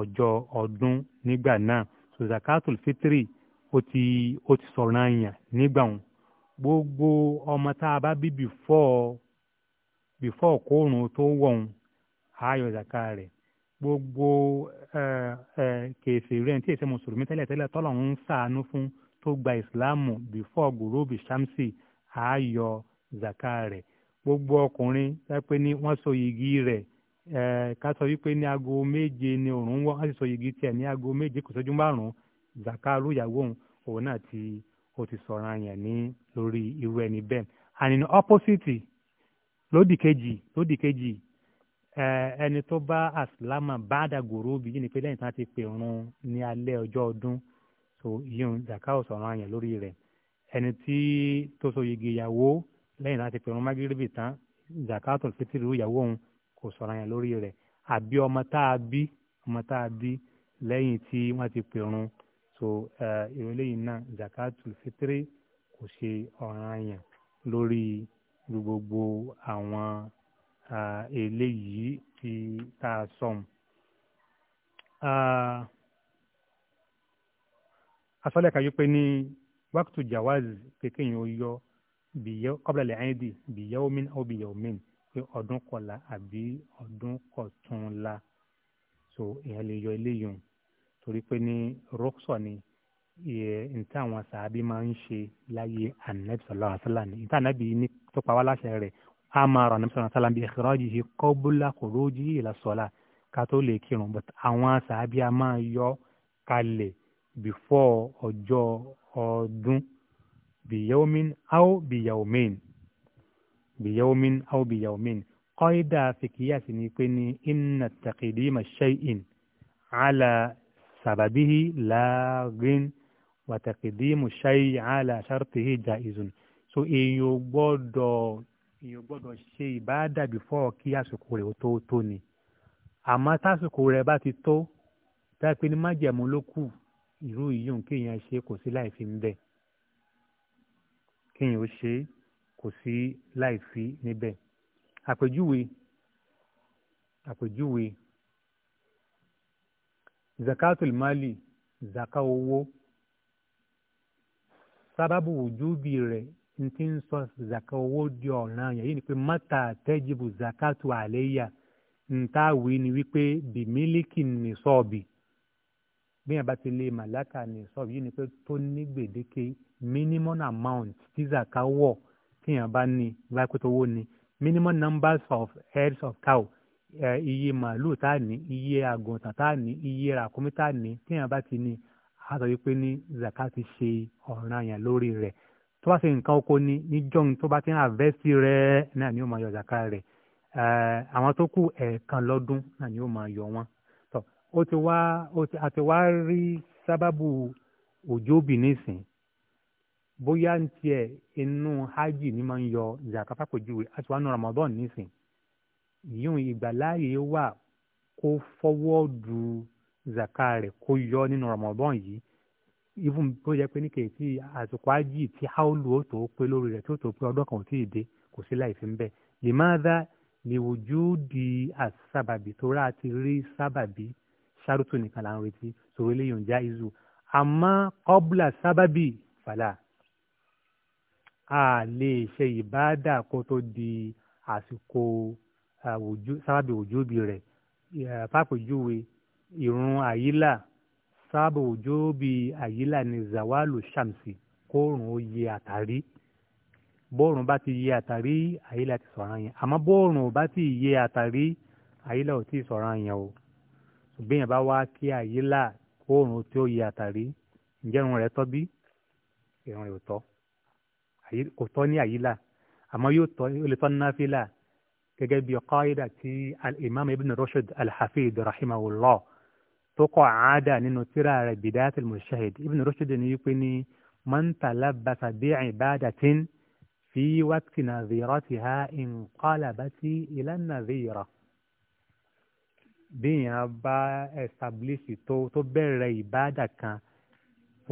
ọjọ́ ọdún nígbà náà so zakatul fitri ó ti ó ti sọ̀rọ̀ náà yàn nígbà wọn gbogbo ọmọ tá a bá bí bìfọ́ bìfọ́ kóòrùn tó wọ̀ wọn á yọ rẹ̀ gbogbo kèfèrí ẹni tí èsè mùsùlùmí tẹ́lẹ̀tẹ́lẹ̀ tọ́lọ̀ ń sàánú fún tó gba ìsìláàmù bífọ́ gòróbì shamsi àáyọ zaka rẹ̀ gbogbo ọkùnrin pé ní wọ́n so yìgì rẹ̀ ká sọ wípé ní aago méje ni òòrùn wọ́n á sì so yìgì tiẹ̀ ní aago méje kò sójú márùn-ún zaka lóyàwó òun náà ti ó ti sọ̀rọ̀ àyàn ní lórí irú ẹni bẹ́ẹ̀ and in opposite lódì kejì lódì kejì ẹni tó bá àsìlámà báàdà gòrò obìyí ni pé lẹ́yìn tí wọ́n ti pè run ní alẹ́ ọjọ́ ọdún tó yíyún zakao sọ̀rọ̀ àyàn lórí rẹ̀ ẹni tí tó so yege ìyàwó lẹ́yìn láti pè run magiribi tán zakato fitiri ìyàwó òun kò sọ̀rọ̀ àyàn lórí rẹ̀ àbí ọmọ tá a bí ọmọ tá a bí lẹ́yìn tí wọ́n ti pè run so ìrọ̀lẹ́ yìí náà zakato fitiri kò ṣe ọ̀ranyàn lórí gbogbo àwọn eléyìí tí tá a sọ̀n. asọ́lẹ̀ kan yóò pé ní wákàtí jawaz kékeré yóò yọ kọ́bílẹ̀ lẹ́yìndì bìyẹ́wò mi náà bìyẹ́wò mi pé ọdún kọlá àbí ọdún kọ̀túnla so èèyàn lè yọ eléyìí torí pé ní rọ́ksọ̀ ni nta àwọn sàábí máa ń ṣe láyé ànábì sallallahu alaihi wasallam nta ànábì ní tó pa wá láṣẹ rẹ̀ amara ní sọ̀rọ̀ sálàmì ìkìrọ́jì yìí kọ́bùlà kòrójì ìlà sọ̀la ká tó lè kírun but àwọn sàábì a máa yọ kalẹ̀ bìfọ́ ọjọ́ ọdún bìyàwómin áwò bìyàwómin bìyàwómin áwò bìyàwómin kọ́ídà fìkìyà sí ni pé ní inna taqidima shay'in ala sababihi laagin wa taqdimu shay'in ala shartihi jaizun so èèyàn gbọ́dọ̀ èèyàn gbọ́dọ̀ ṣe ìbáàdà bífọ́ kí àsìkò rẹ̀ tó tó ni àmọ́ tásìkò rẹ̀ bá ti tó dápẹ́ ní májẹ̀mú ló kù irú ìyóhùn kéèyàn ṣe kò sí láì fi ń bẹ̀ kéèyàn ó ṣe kò sí láì fi níbẹ̀ àpèjúwe àpèjúwe zakatul mali zaka owó sábàbù wùjú bíi rẹ̀ n ti ń sọ zaka owó di ọ̀ràn yẹn yìí ni pé mọ́tà tẹ́jìbù zakatu àléyà ntaawi ni wípé bí mílíkì ní sọ́ọ̀bì bí yẹn bá ti lè màláka ní sọ́ọ̀bì yìí ni pé tó ní gbèdéke minimum amount tí zaka wọ̀ tí yẹn bá ní lákòótó owó ni minimum numbers of heads of cow iye màálù tá a ní iye àgùntàn tá a ní iye ràkúnmí tá a ní tí yẹn bá ti ní a sọ zaka ti ṣe ọ̀ràn yẹn lórí rẹ̀ tó bá ṣe nǹkan oko ni níjọ́ tó bá ti ń àvẹ́sì rẹ̀ náà ni ó máa yọ zaka rẹ̀ eh, àwọn tó kù ẹ̀ẹ̀kan lọ́dún náà ni ó máa yọ wọn. tó ó ti wá ó ti àti wá rí sábàbù òjò bì nísìn bóyá ń tiẹ̀ inú hajj ni máa ń yọ zaka fàpèjúwe àti wà nù Ramadan nísìn yíyún ìgbàláàyè wà kó fọwọ́ du zaka rẹ̀ kó yọ nínú Ramadan yìí even bó jẹ́ pé ní kèétí àsìkò ájì tí haúlù ó tó pé lórí rẹ̀ tí ó tó pé ọdún kan ò tí ì dé kò sí láìsí ń bẹ limadha liwujudi àsábàbí tó rà ti rí sábàbí ṣáàrùtù nìkan là ń retí sòrò eléyìí ń já izu àmọ́ qabla sábàbí fàlà a lè ṣe ìbáàdà kó tó di àsìkò sábàbí wùjúbi rẹ̀ fàpèjúwe ìrun àyílà sábà òjò bíi àyílà ní zawalu shamsi kóòrùn ó yẹ àtàrí bóòrùn bá ti yẹ àtàrí àyílà ti sọ̀ràn yẹn àmọ́ bóòrùn bá ti yẹ àtàrí àyílà ò tí ì sọ̀ràn yẹn o ṣùgbọ́n yẹn bá wá kí àyílà kóòrùn tí ó yẹ àtàrí ǹjẹ́ irun rẹ̀ tọ́ bí irun rẹ̀ ò tọ́ kò tọ́ ní àyílà àmọ́ yóò tọ́ ó lè tọ́ ní náfìlà gẹ́gẹ́ bí qaida tí al-imam ibn rushd al-hafid rahimahullah tó kọ àádà nínú tíra rẹ̀ bidayatul mujtahid ibn rushd ni wípé ní man talabbasa bi ibadatin fi waqti nadhiratiha inqalabati ila nadhira bí èèyàn bá establish tó tó bẹ̀rẹ̀ ìbáàdà kan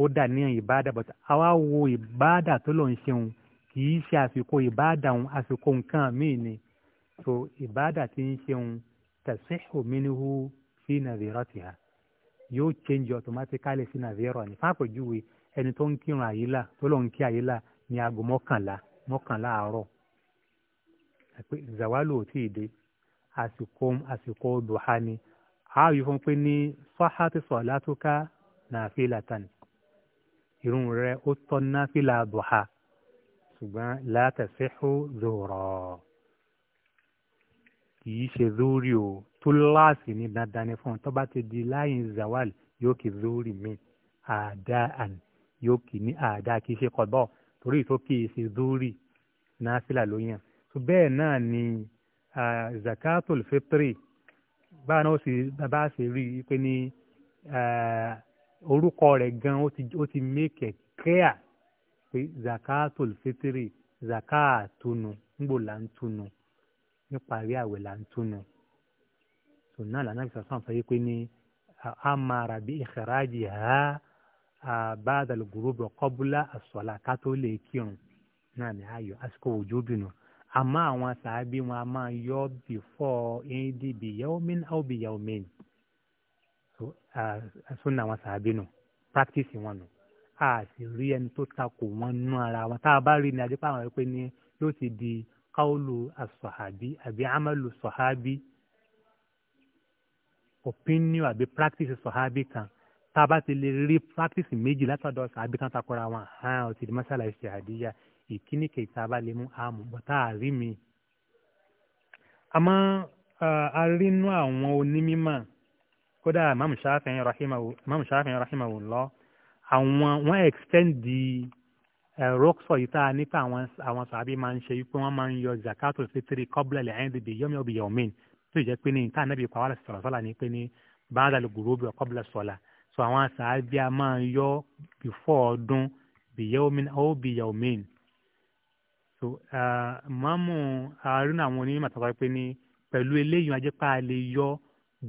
ó dà ní ìbáàdà but àwa wo ìbáàdà tó lọ ṣeun kì í ṣe àsìkò ìbáàdà òun àsìkò nǹkan míì ni so ìbáàdà ti ń ṣeun tasihu minhu fi nadhiratiha yóò change automatically sí nàvẹ́rọ̀ ní fàpèjúwe ẹni tó ń kírun àyílà tó lọ́n kí àyílà ní aago mọ́kànlá mọ́kànlá àárọ̀ pé zawalu ò tíì dé àsìkò àsìkò duha ni ààyè fún pé ní sahati salatuka nafilatan irun rẹ ó tọ́ nafila duha ṣùgbọ́n la tasihu kì í ṣe zúrí o túláàsì ni fún un tó bá ti di láyìn zawal yóò kì zórí mi àdá àn yóò kì ní àdá kì í ṣe kọ̀bọ̀ torí tó kì í ṣe zórí násìlà ló yàn tó bẹ́ẹ̀ náà ni zakatul fitri báwọn ó sì bá a ṣe rí i pé ní orúkọ rẹ̀ gan ó ti mékè kíá pé zakatul fitri zakatunu ńgbò là ń tunu níparí àwẹ̀ là ń tunu náà lànà bisọ̀ sàn sọ yìí pé ní amara bí ìkẹ̀rájì ha bàdàlù gùrùbọ̀ kọ́bùlà àsọ̀là ká tó lè kírun náà ní ayọ̀ àsìkò òjò bìnú àmọ́ àwọn sàábí wọn a máa yọ bìfọ́ ẹ̀ẹ́dì bìyàwómin àwọn bìyàwómin sunna àwọn sàábí nù practice wọn nù a sì rí ẹni tó takò wọn nú ara wọn tá a bá rí ni adé pàwọn ẹ pé ní yóò ti di káwọlù àsọ̀hábí àbí amálù sọ̀hábí opinion àbí practice sọ̀hábì kan tá a bá ti lè rí practice méjì látọ̀dọ̀ sọ̀hábì kan takora wọn hàn ó ti di masala ìṣèhàdíyà ìkíní kejì tá a bá lè mú àmú bọ́tà àrí mi. àmọ́ arínú àwọn onímọ̀ kódà mamu Shafi'i rahimahu mamu Shafi'i rahimahullah àwọn wọ́n extend the eh, rọ́ksọ̀ yìí tá a nípa àwọn sọ̀hábì máa ń ṣe wípé wọ́n máa ń yọ zakato fitiri kọ́bílẹ̀ lẹ́yìn dìde yọ́mí ọ̀bì yọ̀mìn tó jẹ́ pé ní nǹkan anábì pa wàhálà sọ̀rọ̀ sọ́la ni pé ní báńdà lè gòrò bí ọkọ̀ bílẹ̀ sọ̀la so àwọn àṣàbí a máa yọ bìfọ́ ọdún bìyẹ́wòmín ó bìyẹ́wòmín so mọ́mú àárín àwọn onímọ̀ tó sọ pé ní pẹ̀lú eléyìí ajé pa lè yọ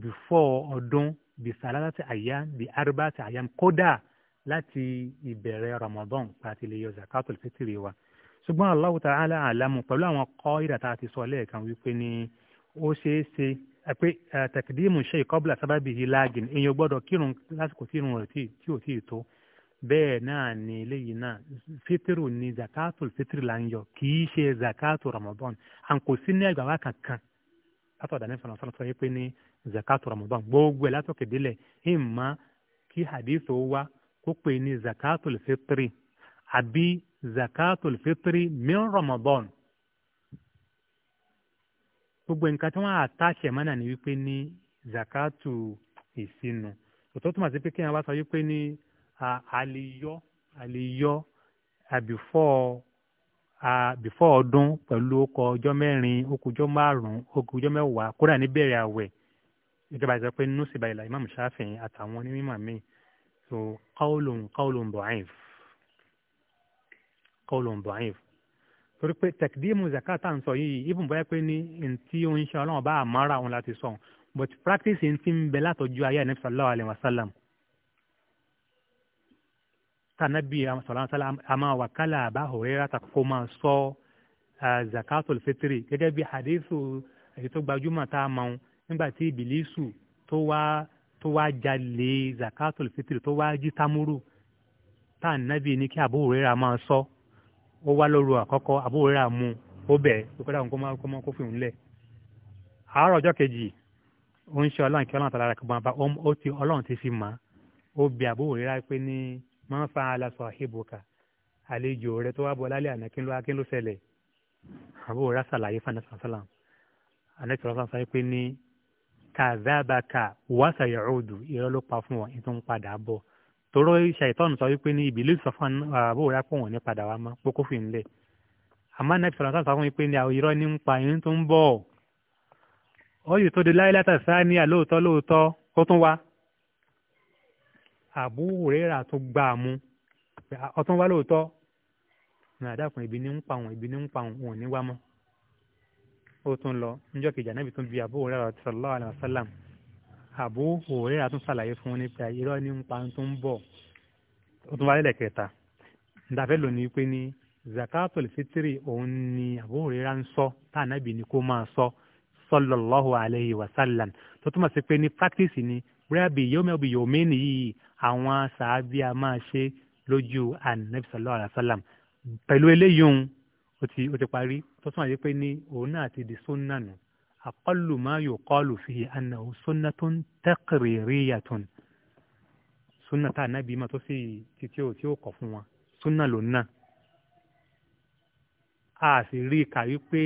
bìfọ́ ọdún bìsàlá láti àyà bí arúgbó àti àyà kódà láti ìbẹ̀rẹ̀ Ramadan láti lè yọ zakatul fitiri wa ṣùgbọ́n Allahu ta'ala alamu pẹ̀lú àwọn kọ́ ìdàtà àti sọ lẹ́ẹ̀kan wípé ní ó ṣeé ṣe pé tẹkidimu ṣe ìkọ́bùlà sábàbí yìí láàgìn èèyàn gbọ́dọ̀ kírun lásìkò tí irun rẹ̀ tí ò tí ì tó bẹ́ẹ̀ náà ni eléyìí náà fitiru ni zakatul fitiri là ń yọ kì í ṣe zakatul ramadan à ń kò sí ní ẹgbàá wa kankan látọ̀dá ní sọ̀rọ̀ sọ̀rọ̀ yìí pé ní zakatul ramadan gbogbo ẹ̀ látọ̀kẹ́ délẹ̀ ìmọ̀ kí hadith wa kó pè ní zakatul fitiri àbí zakatul fitiri min ramadan gbogbo nǹkan tí wọ́n àtàṣe mọ́nà ni wípé ní zakatu ìsinu òtọ́ tó mà sí pé kí wọ́n bá sọ wípé ní àlèyọ́ àlèyọ́ àbífọ́ àbífọ́ ọdún pẹ̀lú ọkọ̀ ọjọ́ mẹ́rin okùnjọ́ márùn-ún okùnjọ́ mẹ́wàá kódà níbẹ̀rẹ̀ àwẹ̀ ìjọba ìsọ pé nínú ìsìbàyìlà Imam Shafi'i àtàwọn onímọ̀ míì so qawlun qawlun da'if qawlun da'if torí pé tẹkidimu zakata ń sọ yìí ibùn bóyá pé ní ntí òun ṣe ọlọ́run bá àmọ́ra òun láti sọ but practice ntí ń bẹ látọjú ayé ànábì sallallahu alayhi wa sallam tànàbí sallallahu sallam àmà wàkálà àbáhò rírà kó máa sọ zakatul fitri gẹ́gẹ́ bí hadithu èyí tó gbajúmọ̀ tá a mọ̀ nígbà tí ìbílísù tó wá tó wá jalè zakatul fitri tó wá jí tamuru tànàbí ní kí àbúrò rírà máa sọ. So ó wá lóru àkọ́kọ́ àbúrò rà mú ó bẹ̀ kókó dáhùn kó máa kó máa kó fi òun lẹ̀ àárọ̀ ọjọ́ kejì ó ń ṣe ọlọ́run kí ọlọ́run tàlá rẹ̀ kọ́ba ó ti ọlọ́run ti fi mà ó bẹ àbúrò rà pé ní máa ń fa aláṣọ àhébùkà àlejò rẹ̀ tó wá bọ̀ lálẹ́ àná kí ló wá kí ló ṣẹlẹ̀ àbúrò rẹ̀ ṣàlàyé fanẹ́sàsálà àlẹ́sọ̀rọ̀ sọ pé ní kàzábàkà wàṣàyẹ̀ọ́dù ìrọ́lọ́pàá fún wọn ètò ń tòró ṣàìtọ́n sọ wípé ní ìbílẹ̀ sọ fún àbúrò rẹ pọ̀ wọ́n ní padà wá mọ́ kókó fi ń lẹ̀ àmọ́ nẹ́ẹ̀fì sọ̀rọ̀ sọ fún wípé ní àwọn irọ́ ní ń pa yín tó ń bọ̀ ọyù tó di láyé látà sáníà lóòótọ́ lóòótọ́ kó tún wá àbúrò rẹ rà tó gbà mú ọtún wá lóòótọ́ ní àdàkùn ibi ní ń pa òun ibi ní ń pa òun òun ní wá mọ́ ó tún lọ níjọ́ kejì ànábì sallallahu alaihi wasallam àbú òwúrẹ́ra tún ṣàlàyé fún wọn nípa irọ́ nípa tó ń bọ̀ ó tún wáyé lẹ́kẹta ntàfẹ́ lónìí pé ní zakatul fitiri òun ni àbú òwúrẹ́ra ń sọ tànàbì ni kó máa sọ sallallahu alayhi wa sallam tó túmọ̀ sí pé ní practice ni bóyá bíi yóò mẹ́wọ́ bíi yóò mẹ́ni yìí àwọn sàábì a máa ṣe lójú anabi sallallahu alayhi wa sallam pẹ̀lú eléyìí òun ó ti parí tó túmọ̀ sí pé ní òun náà ti di sunnah nù أقل ما يقال فيه أنه سنة تقريرية سنة النبي ما تسي تيو تيو قفوا سنة لنا a sì rí i kà wípé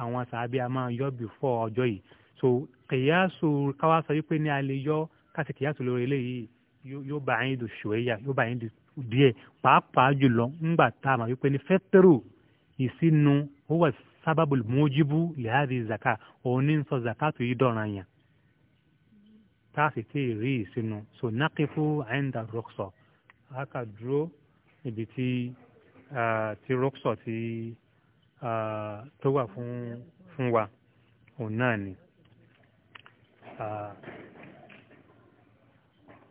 àwọn sàbí a máa yọ bìfọ ọjọ́ yìí so kìyàsó káwá sọ wípé ní a lè yọ káṣí kìyàsó lórí eléyìí yóò bá yín dùn ṣòwéyà yóò bá yín dùn díẹ̀ pàápàá jùlọ ńgbà tá a mọ̀ wípé ní fẹ́tẹ́rù ìsinu ó wà السبب الموجب لهذه الزكاة وننص الزكاة يدونانيا تاسي تي ري سنو سو نقف عند الرخصة هكا درو بتي آه تي رخصة تي آه توا فن فنوا وناني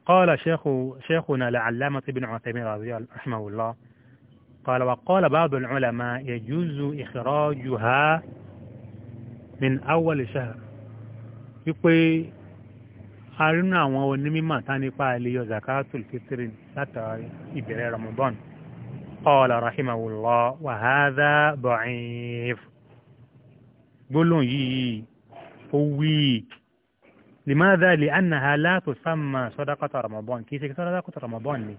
قال شيخ شيخنا لعلامة ابن عثيمين رضي الله قال وقال بعض العلماء يجوز إخراجها من أول شهر يقول أرنا ونمي ما تاني فعلي زكاة الفطر ستا إبري رمضان قال رحمه الله وهذا ضعيف قلون يي قوي لماذا لأنها لا تسمى صدقة رمضان كيف صدقة رمضان لي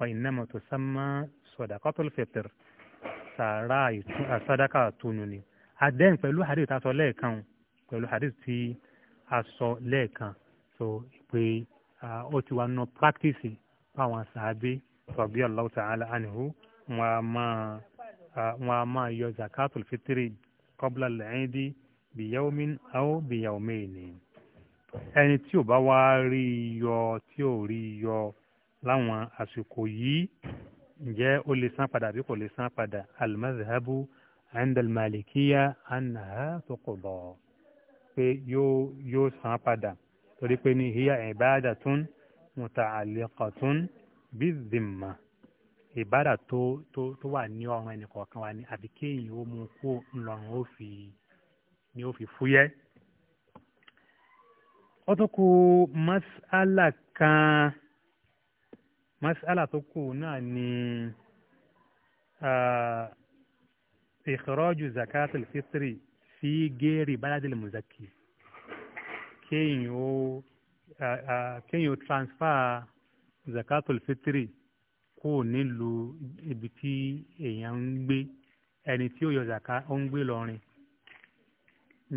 وإنما تسمى sọdàkọtò fẹtẹr sàrà sàdákà tónú ni àdéhùn pẹ̀lú hadith tá a sọ lẹ́ẹ̀kan pẹ̀lú hadith tí a lẹ́ẹ̀kan so pé ó ti wà nù practice fáwọn sàábé rọ̀bí ọ̀làwù tààlà ànihu wọn a máa wọn a máa yọ zakato fitiri kọ́bla lẹ́yìn dí bìyàwómi àwọn bìyàwómi ni ẹni tí ò bá wá rí yọ tí ò rí yọ láwọn àsìkò yìí ǹjẹ́ o lè san padà àbí kò lè san padà al-madhhabu 'inda al-malikiyya annaha tuqda pé yóò yóò san padà torí pé ní hiya ibadatun muta'alliqatun bi-dhimma ìbádà tó tó tó wà ní ọrùn ẹnì kọ̀ọ̀kan wa ni àbí kéèyàn ó mú kó ńlọrùn ó fi ni ó fi fúyẹ́. ó tún kù mas'ala kan mas'ala tó kù náà ni ah, ìkọrọ́jù zakat al-fitri fi géèrè baladil muzaki kéèyàn ó ah, ah, kéèyàn ó transfer zakat al-fitri kó nílùú ibi tí èèyàn ń gbé ẹni tí ó yọ zaka ó ń gbé lọrin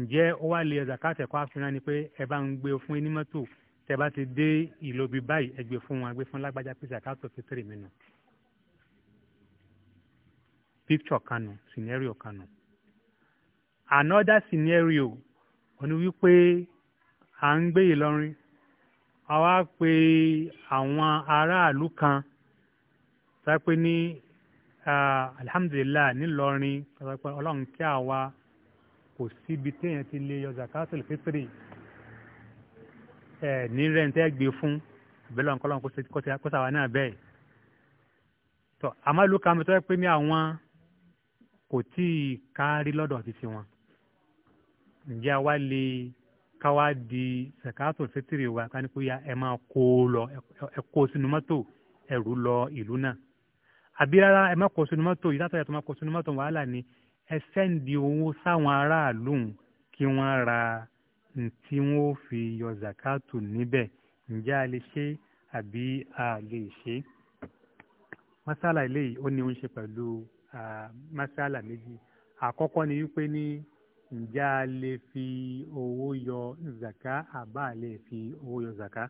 ǹjẹ́ ó wá lè zakat ẹ̀kọ́ àfihàn ni pé ẹ bá ń gbé fún ẹni mọ́tò tẹ́ bá ti dé ìlóbi báyìí ẹ gbé fún wọn ẹ gbé fún lágbájá pé zakato mi nù picture kanu scenario kanu another scenario òní wípé à ń gbé Ìlọrin a wá pe àwọn aráàlú kan sápé ní alhamdulilayi nílọrin sápé ọlọ́run kí àwa kò síbi téèyàn ti lè yọ zakato fitiri ẹ ní rẹ̀ ń tẹ́ gbé fún abẹ́lẹ́ ọ̀nkọ́lọ́n kó sàwọn náà bẹ́ẹ̀. tọ́ àmọ́ ìlú kan tó yẹ pé ní àwọn kò tí ì kárí lọ́dọ̀ títí wọn. ǹjẹ́ àwa lè káwa di sẹ̀káàtò fẹ́tìrì wa ká ní kó ya ẹ máa kó o lọ ẹ kó o sínú mọ́tò ẹrù lọ ìlú náà. àbí rárá ẹ má kó o sínú mọ́tò yìí látọ̀ yàtọ̀ má kó o sínú mọ́tò wàhálà ni ẹ sẹ́ǹdì owó sáwọn aráàlú kí wọ́n ra tí wọn ò fi yọ zakatu níbẹ̀ ǹjẹ́ a lè ṣe àbí a lè ṣe. masala eléyìí ó ní ń ṣe pẹ̀lú masala méjì àkọ́kọ́ ni wípé ní ǹjẹ́ a lè fi owó yọ zaka àbá a lè fi owó yọ zaka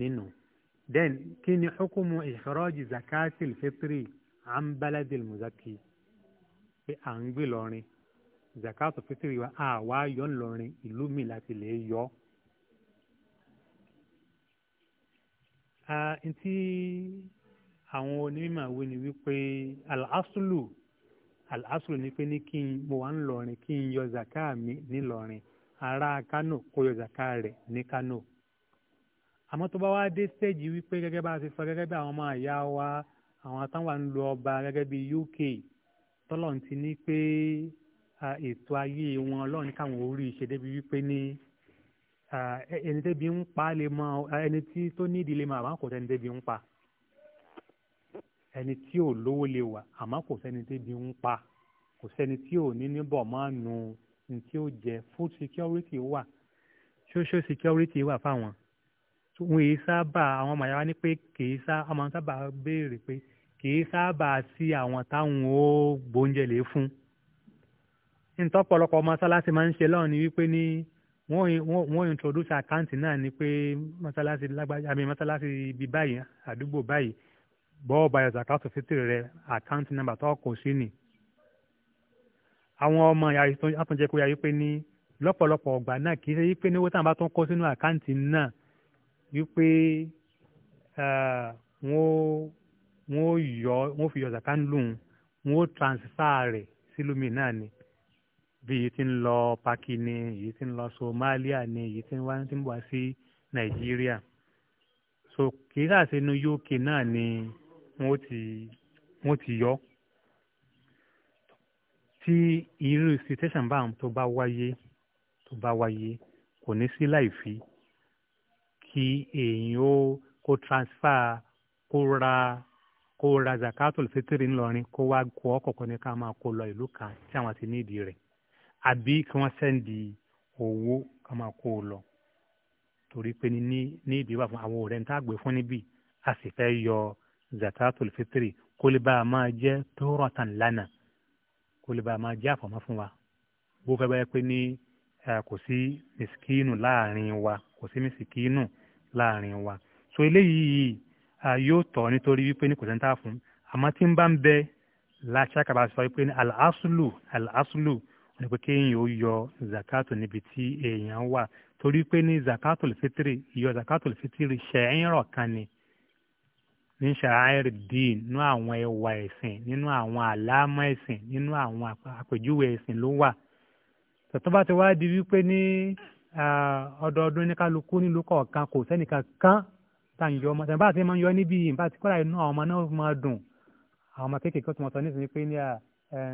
nínú. then kí ni hukumu ìṣọ́rọ́jì zakatil fitri à ń balaji muzaki pé à ń gbé lọ́rin zakato fitiri wa a wá yọ ńlọrin ìlú mi láti lè yọ. ntí àwọn onímọ̀ wo ni wípé al-aslu al-aslu ni pé ní kí n mo wà ńlọrin kí n yọ zaka mi nílọrin ará kano kó yọ zaka rẹ̀ ní kano àmọ́ tó bá wá dé stage wípé gẹ́gẹ́ bá a ti sọ gẹ́gẹ́ bí àwọn ọmọ àyà wa àwọn táwọn ń lo ọba gẹ́gẹ́ bí UK tọ́lọ̀ ti ní pé ètò ayé wọn ọlọ́run ní káwọn orí ṣe débi wípé ní ẹni tẹ́bi ń pa lè mọ ẹni tí tó nídìí lè mọ àmọ́ kò sẹ́ni tẹ́bi ń pa ẹni tí ò lówó lè wà àmọ́ kò sẹ́ni tẹ́bi ń pa kò sẹ́ni tí ò ní níbọ̀ máa nu ní tí ó jẹ food security wà social security wà fáwọn wọn èyí sábà àwọn ọmọ yàrá ni pé kìí sá ọmọ sábà béèrè pé kìí sábà sí àwọn táwọn ó gbóúnjẹ lè fún ntọ́pọ̀lọpọ̀ mọ́sálásí máa ń ṣe lọ́wọ́ ni wípé ní wọ́n introduce àkáǹtì náà ni pé mọ́sálásí lágbájá àmì masalasi ibi báyìí àdúgbò báyìí bọ́ọ̀ báyọ̀ zakato fitiri rẹ àkáǹtì nàmbà tó kò sí ni. àwọn ọmọ àtúnjẹ kó yà wípé ní lọ́pọ̀lọpọ̀ ọgbà náà kì í ṣe wípé ní owó táwọn bá tó kó sínú àkáǹtì náà wípé wọ́n yọ wọ́n fi yọ zakan lóhun wọ́n transfer rẹ̀ sílùmí náà ni bí èyí tí ń lọ paki ni èyí tí ń lọ Somalia ni èyí tí ń wá tí ń wá sí Nàìjíríà so kìí sàṣe inú UK náà ni wọ́n ti wọ́n ti yọ tí irú situation bá tó bá wáyé tó bá wáyé kò ní sí láìfi kí èèyàn ó kó transfer kó ra kó ra zakatul fitiri ńlọrin kó wá kó ọkọ̀ọ̀kan ní ká máa kó lọ ìlú kan tí àwọn ti ní ìdí rẹ̀ àbí kí wọ́n sẹ́ndì owó ká máa kó o lọ torí pé ní ní ìdíwà fún àwọn ọ̀rẹ́ níta àgbẹ̀ fún níbí a sì fẹ́ yọ zakatul fitri kó lè bá a máa jẹ́ tóratan lánàá kó lè bá a máa jẹ́ àfọ̀mọ́ fún wa bó fẹ́ báyẹ pé ní kò sí mìsíkínù láàrin wa kò sí mìsíkínù láàrin wa so eléyìí yóò tọ́ nítorí wípé ní kò sẹ́ńtà fún àmọ́ tí ń bá ń bẹ láṣà kàbà sọ wípé ní al-aslu al-aslu ni pé kéèyàn ó yọ zakato níbi tí èèyàn wà torí pé ní zakato lifitiri yọ zakato lifitiri ṣẹ̀ẹ́rọ̀ kan ni ní ṣàáìrì dín nínú àwọn ẹwà ẹ̀sìn nínú àwọn àlámọ́ ẹ̀sìn nínú àwọn àpèjúwe ẹ̀sìn ló wà tọ́tọ́ bá ti wá di wípé ní ọdọọdún ní kálukú nílùú kọ̀ọ̀kan kò sẹ́nìkan kan tá à ń yọ ọmọ tẹ̀ bá ti máa ń yọ níbí yìí bá ti kọ́ra inú àwọn ọmọ náà máa dùn àwọn ọmọ kéékèèké tó mọ̀ sọ nísìnyí pé ní à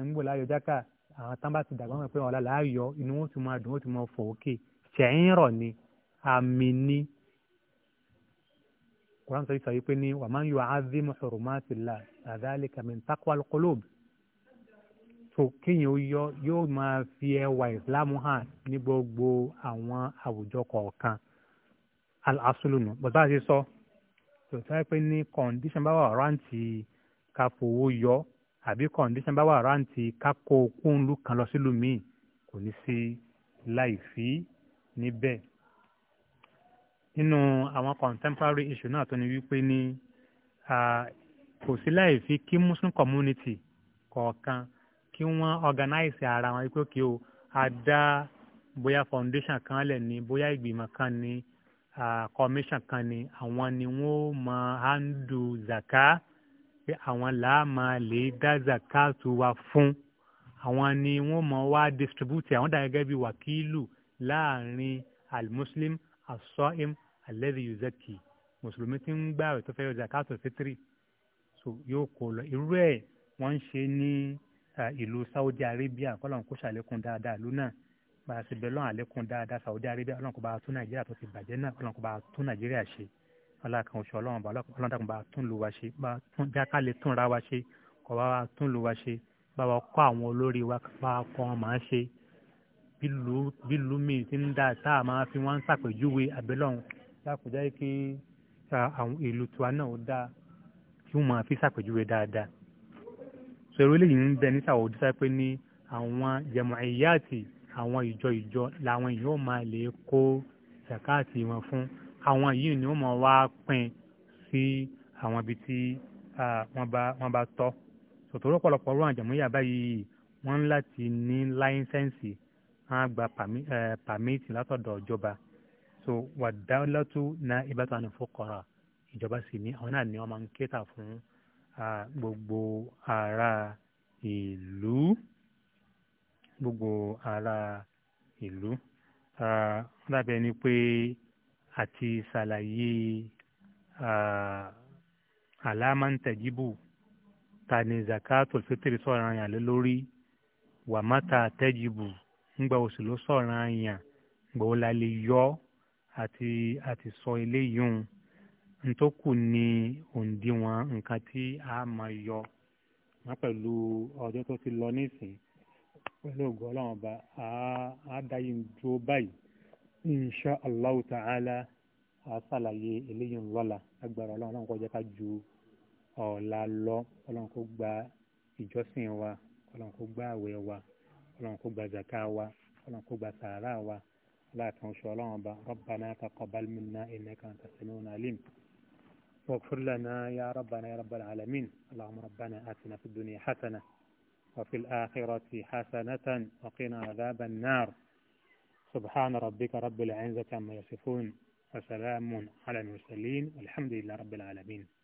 ń gbò láyọ̀ jáká àwọn tán bá ti dàgbà wọn pé ọ̀la làáyọ inú wọn ti máa dùn wọn ti máa fò òkè ṣẹ̀yìn rọ̀ ni àmì ni kuran sọ sọ yìí pé ní wàmán yóò áàzí mùsùlùmáàtì là àdáàlìkà min taqwa al tó kéèyàn yọ yóò máa fi ẹwà ìsìlámù hàn ní gbogbo àwọn àwùjọ kọ̀ọ̀kan al-asulunu bàtà sọ tó sọ pé ní kọ̀ǹdíṣàn bá rántí ká fowó yọ àbí kọ̀ǹdíṣàn bá wà ráǹtì kákó kúńlù kan lọ sílùú míì kò ní sí láìfí níbẹ̀. nínú àwọn contemporary issue náà tó ní wípé ní kò sí láìfí kí muslim community kọ̀ọ̀kan kí wọ́n organize ara wọn wípé kí o a dá bóyá foundation kan lẹ̀ ní bóyá ìgbìmọ̀ kan ní commission kan ní àwọn ni wọ́n máa handle zaka pé àwọn làá lè dá zakatu wa fún àwọn ni wọ́n mọ̀ wá distribute àwọn dà gẹ́gẹ́ bí wàkílù láàrin almuslim asọ́im alẹ́dí yuzaki mùsùlùmí ti ń gbà rẹ̀ tó fẹ́ yọ zakatu so yóò kó lọ irú ẹ̀ wọ́n ń ṣe ní ìlú Saudi Arabia kọ́lọ́n kó ṣàlékún dáadáa ìlú náà bá a ṣe bẹ́ẹ̀ lọ́n àlékún dáadáa Saudi Arabia ọlọ́nkọ́ bá a tún Nàìjíríà tó ti bàjẹ́ náà ọlọ́nkọ́ bá a tún Nàìjíríà ṣe alákan oṣù ọlọ́run bá ọlọ́run dàgbà tún lu wa ṣe bá tún jáká lè tún ra wa ṣe kọ́ bá wa tún lu wa ṣe bá wa kọ́ àwọn olórí wa bá wa kọ́ wọn máa ṣe bílù mi ti ń dà tá a máa fi wọ́n ń ṣàpèjúwe àbẹ́lọ́run lákòjá yìí kí àwọn ìlú tiwa náà ó dáa kí wọ́n máa fi ṣàpèjúwe dáadáa. sọ eré lẹ́yìn ń bẹ ní sàwọ́dí sápé ní àwọn jẹ̀mọ̀ẹ́yàtì àwọn ìjọ ìjọ làwọn èèyàn máa lè kó sàkáàtì wọn fún àwọn yìí ni wọ́n mọ̀ wá pín sí àwọn ibi tí wọ́n bá tọ́ sòtòrò pọ̀lọpọ̀ rú àjàmúyà báyìí wọ́n ń láti ní láísẹ́ǹsì wọ́n á gba pàmíìtì látọ̀dọ̀ ìjọba so wà dáwọ́lọ́tù na ìbátan fòkọ̀rọ̀ ìjọba sì ní àwọn náà ni wọ́n máa ń kéta fún gbogbo ará ìlú gbogbo ará ìlú. wọ́n dàbí ẹni pé àti ṣàlàyé àlámántẹ̀jíbù ta ni zakatul fitri sọ̀rọ̀ àyàn lé lórí wàmátà tẹ́jìbù ńgbà oṣù ló sọ̀rọ̀ àyàn gbà ó la lè yọ àti àti sọ eléyìí hùn ntòkù ni òǹdíwọ̀n nǹkan tí a máa yọ wọn pẹ̀lú ọjọ́ tó ti lọ nísìn pẹ̀lú ògùn ọlọ́run ọba á dá yín dúró báyìí insha allahu ta'ala àṣàlàyé eléyìí ńlọ́la agbára ọlọ́run ọlọ́run kó jẹ́ ká ju ọ̀la lọ ọlọ́run kó gba ìjọsìn wa ọlọ́run kó gba àwẹ̀ wa ọlọ́run kó gba zaka wa ọlọ́run kó gba sàárà wa aláàtàn oṣù ọlọ́run ọba rabbana taqabbal minna innaka antas sami'ul alim واغفر لنا يا ربنا يا رب العالمين اللهم ربنا آتنا في الدنيا حسنة وفي الآخرة حسنة وقنا عذاب النار سبحان ربك رب العزة عما يصفون وسلام على المرسلين والحمد لله رب العالمين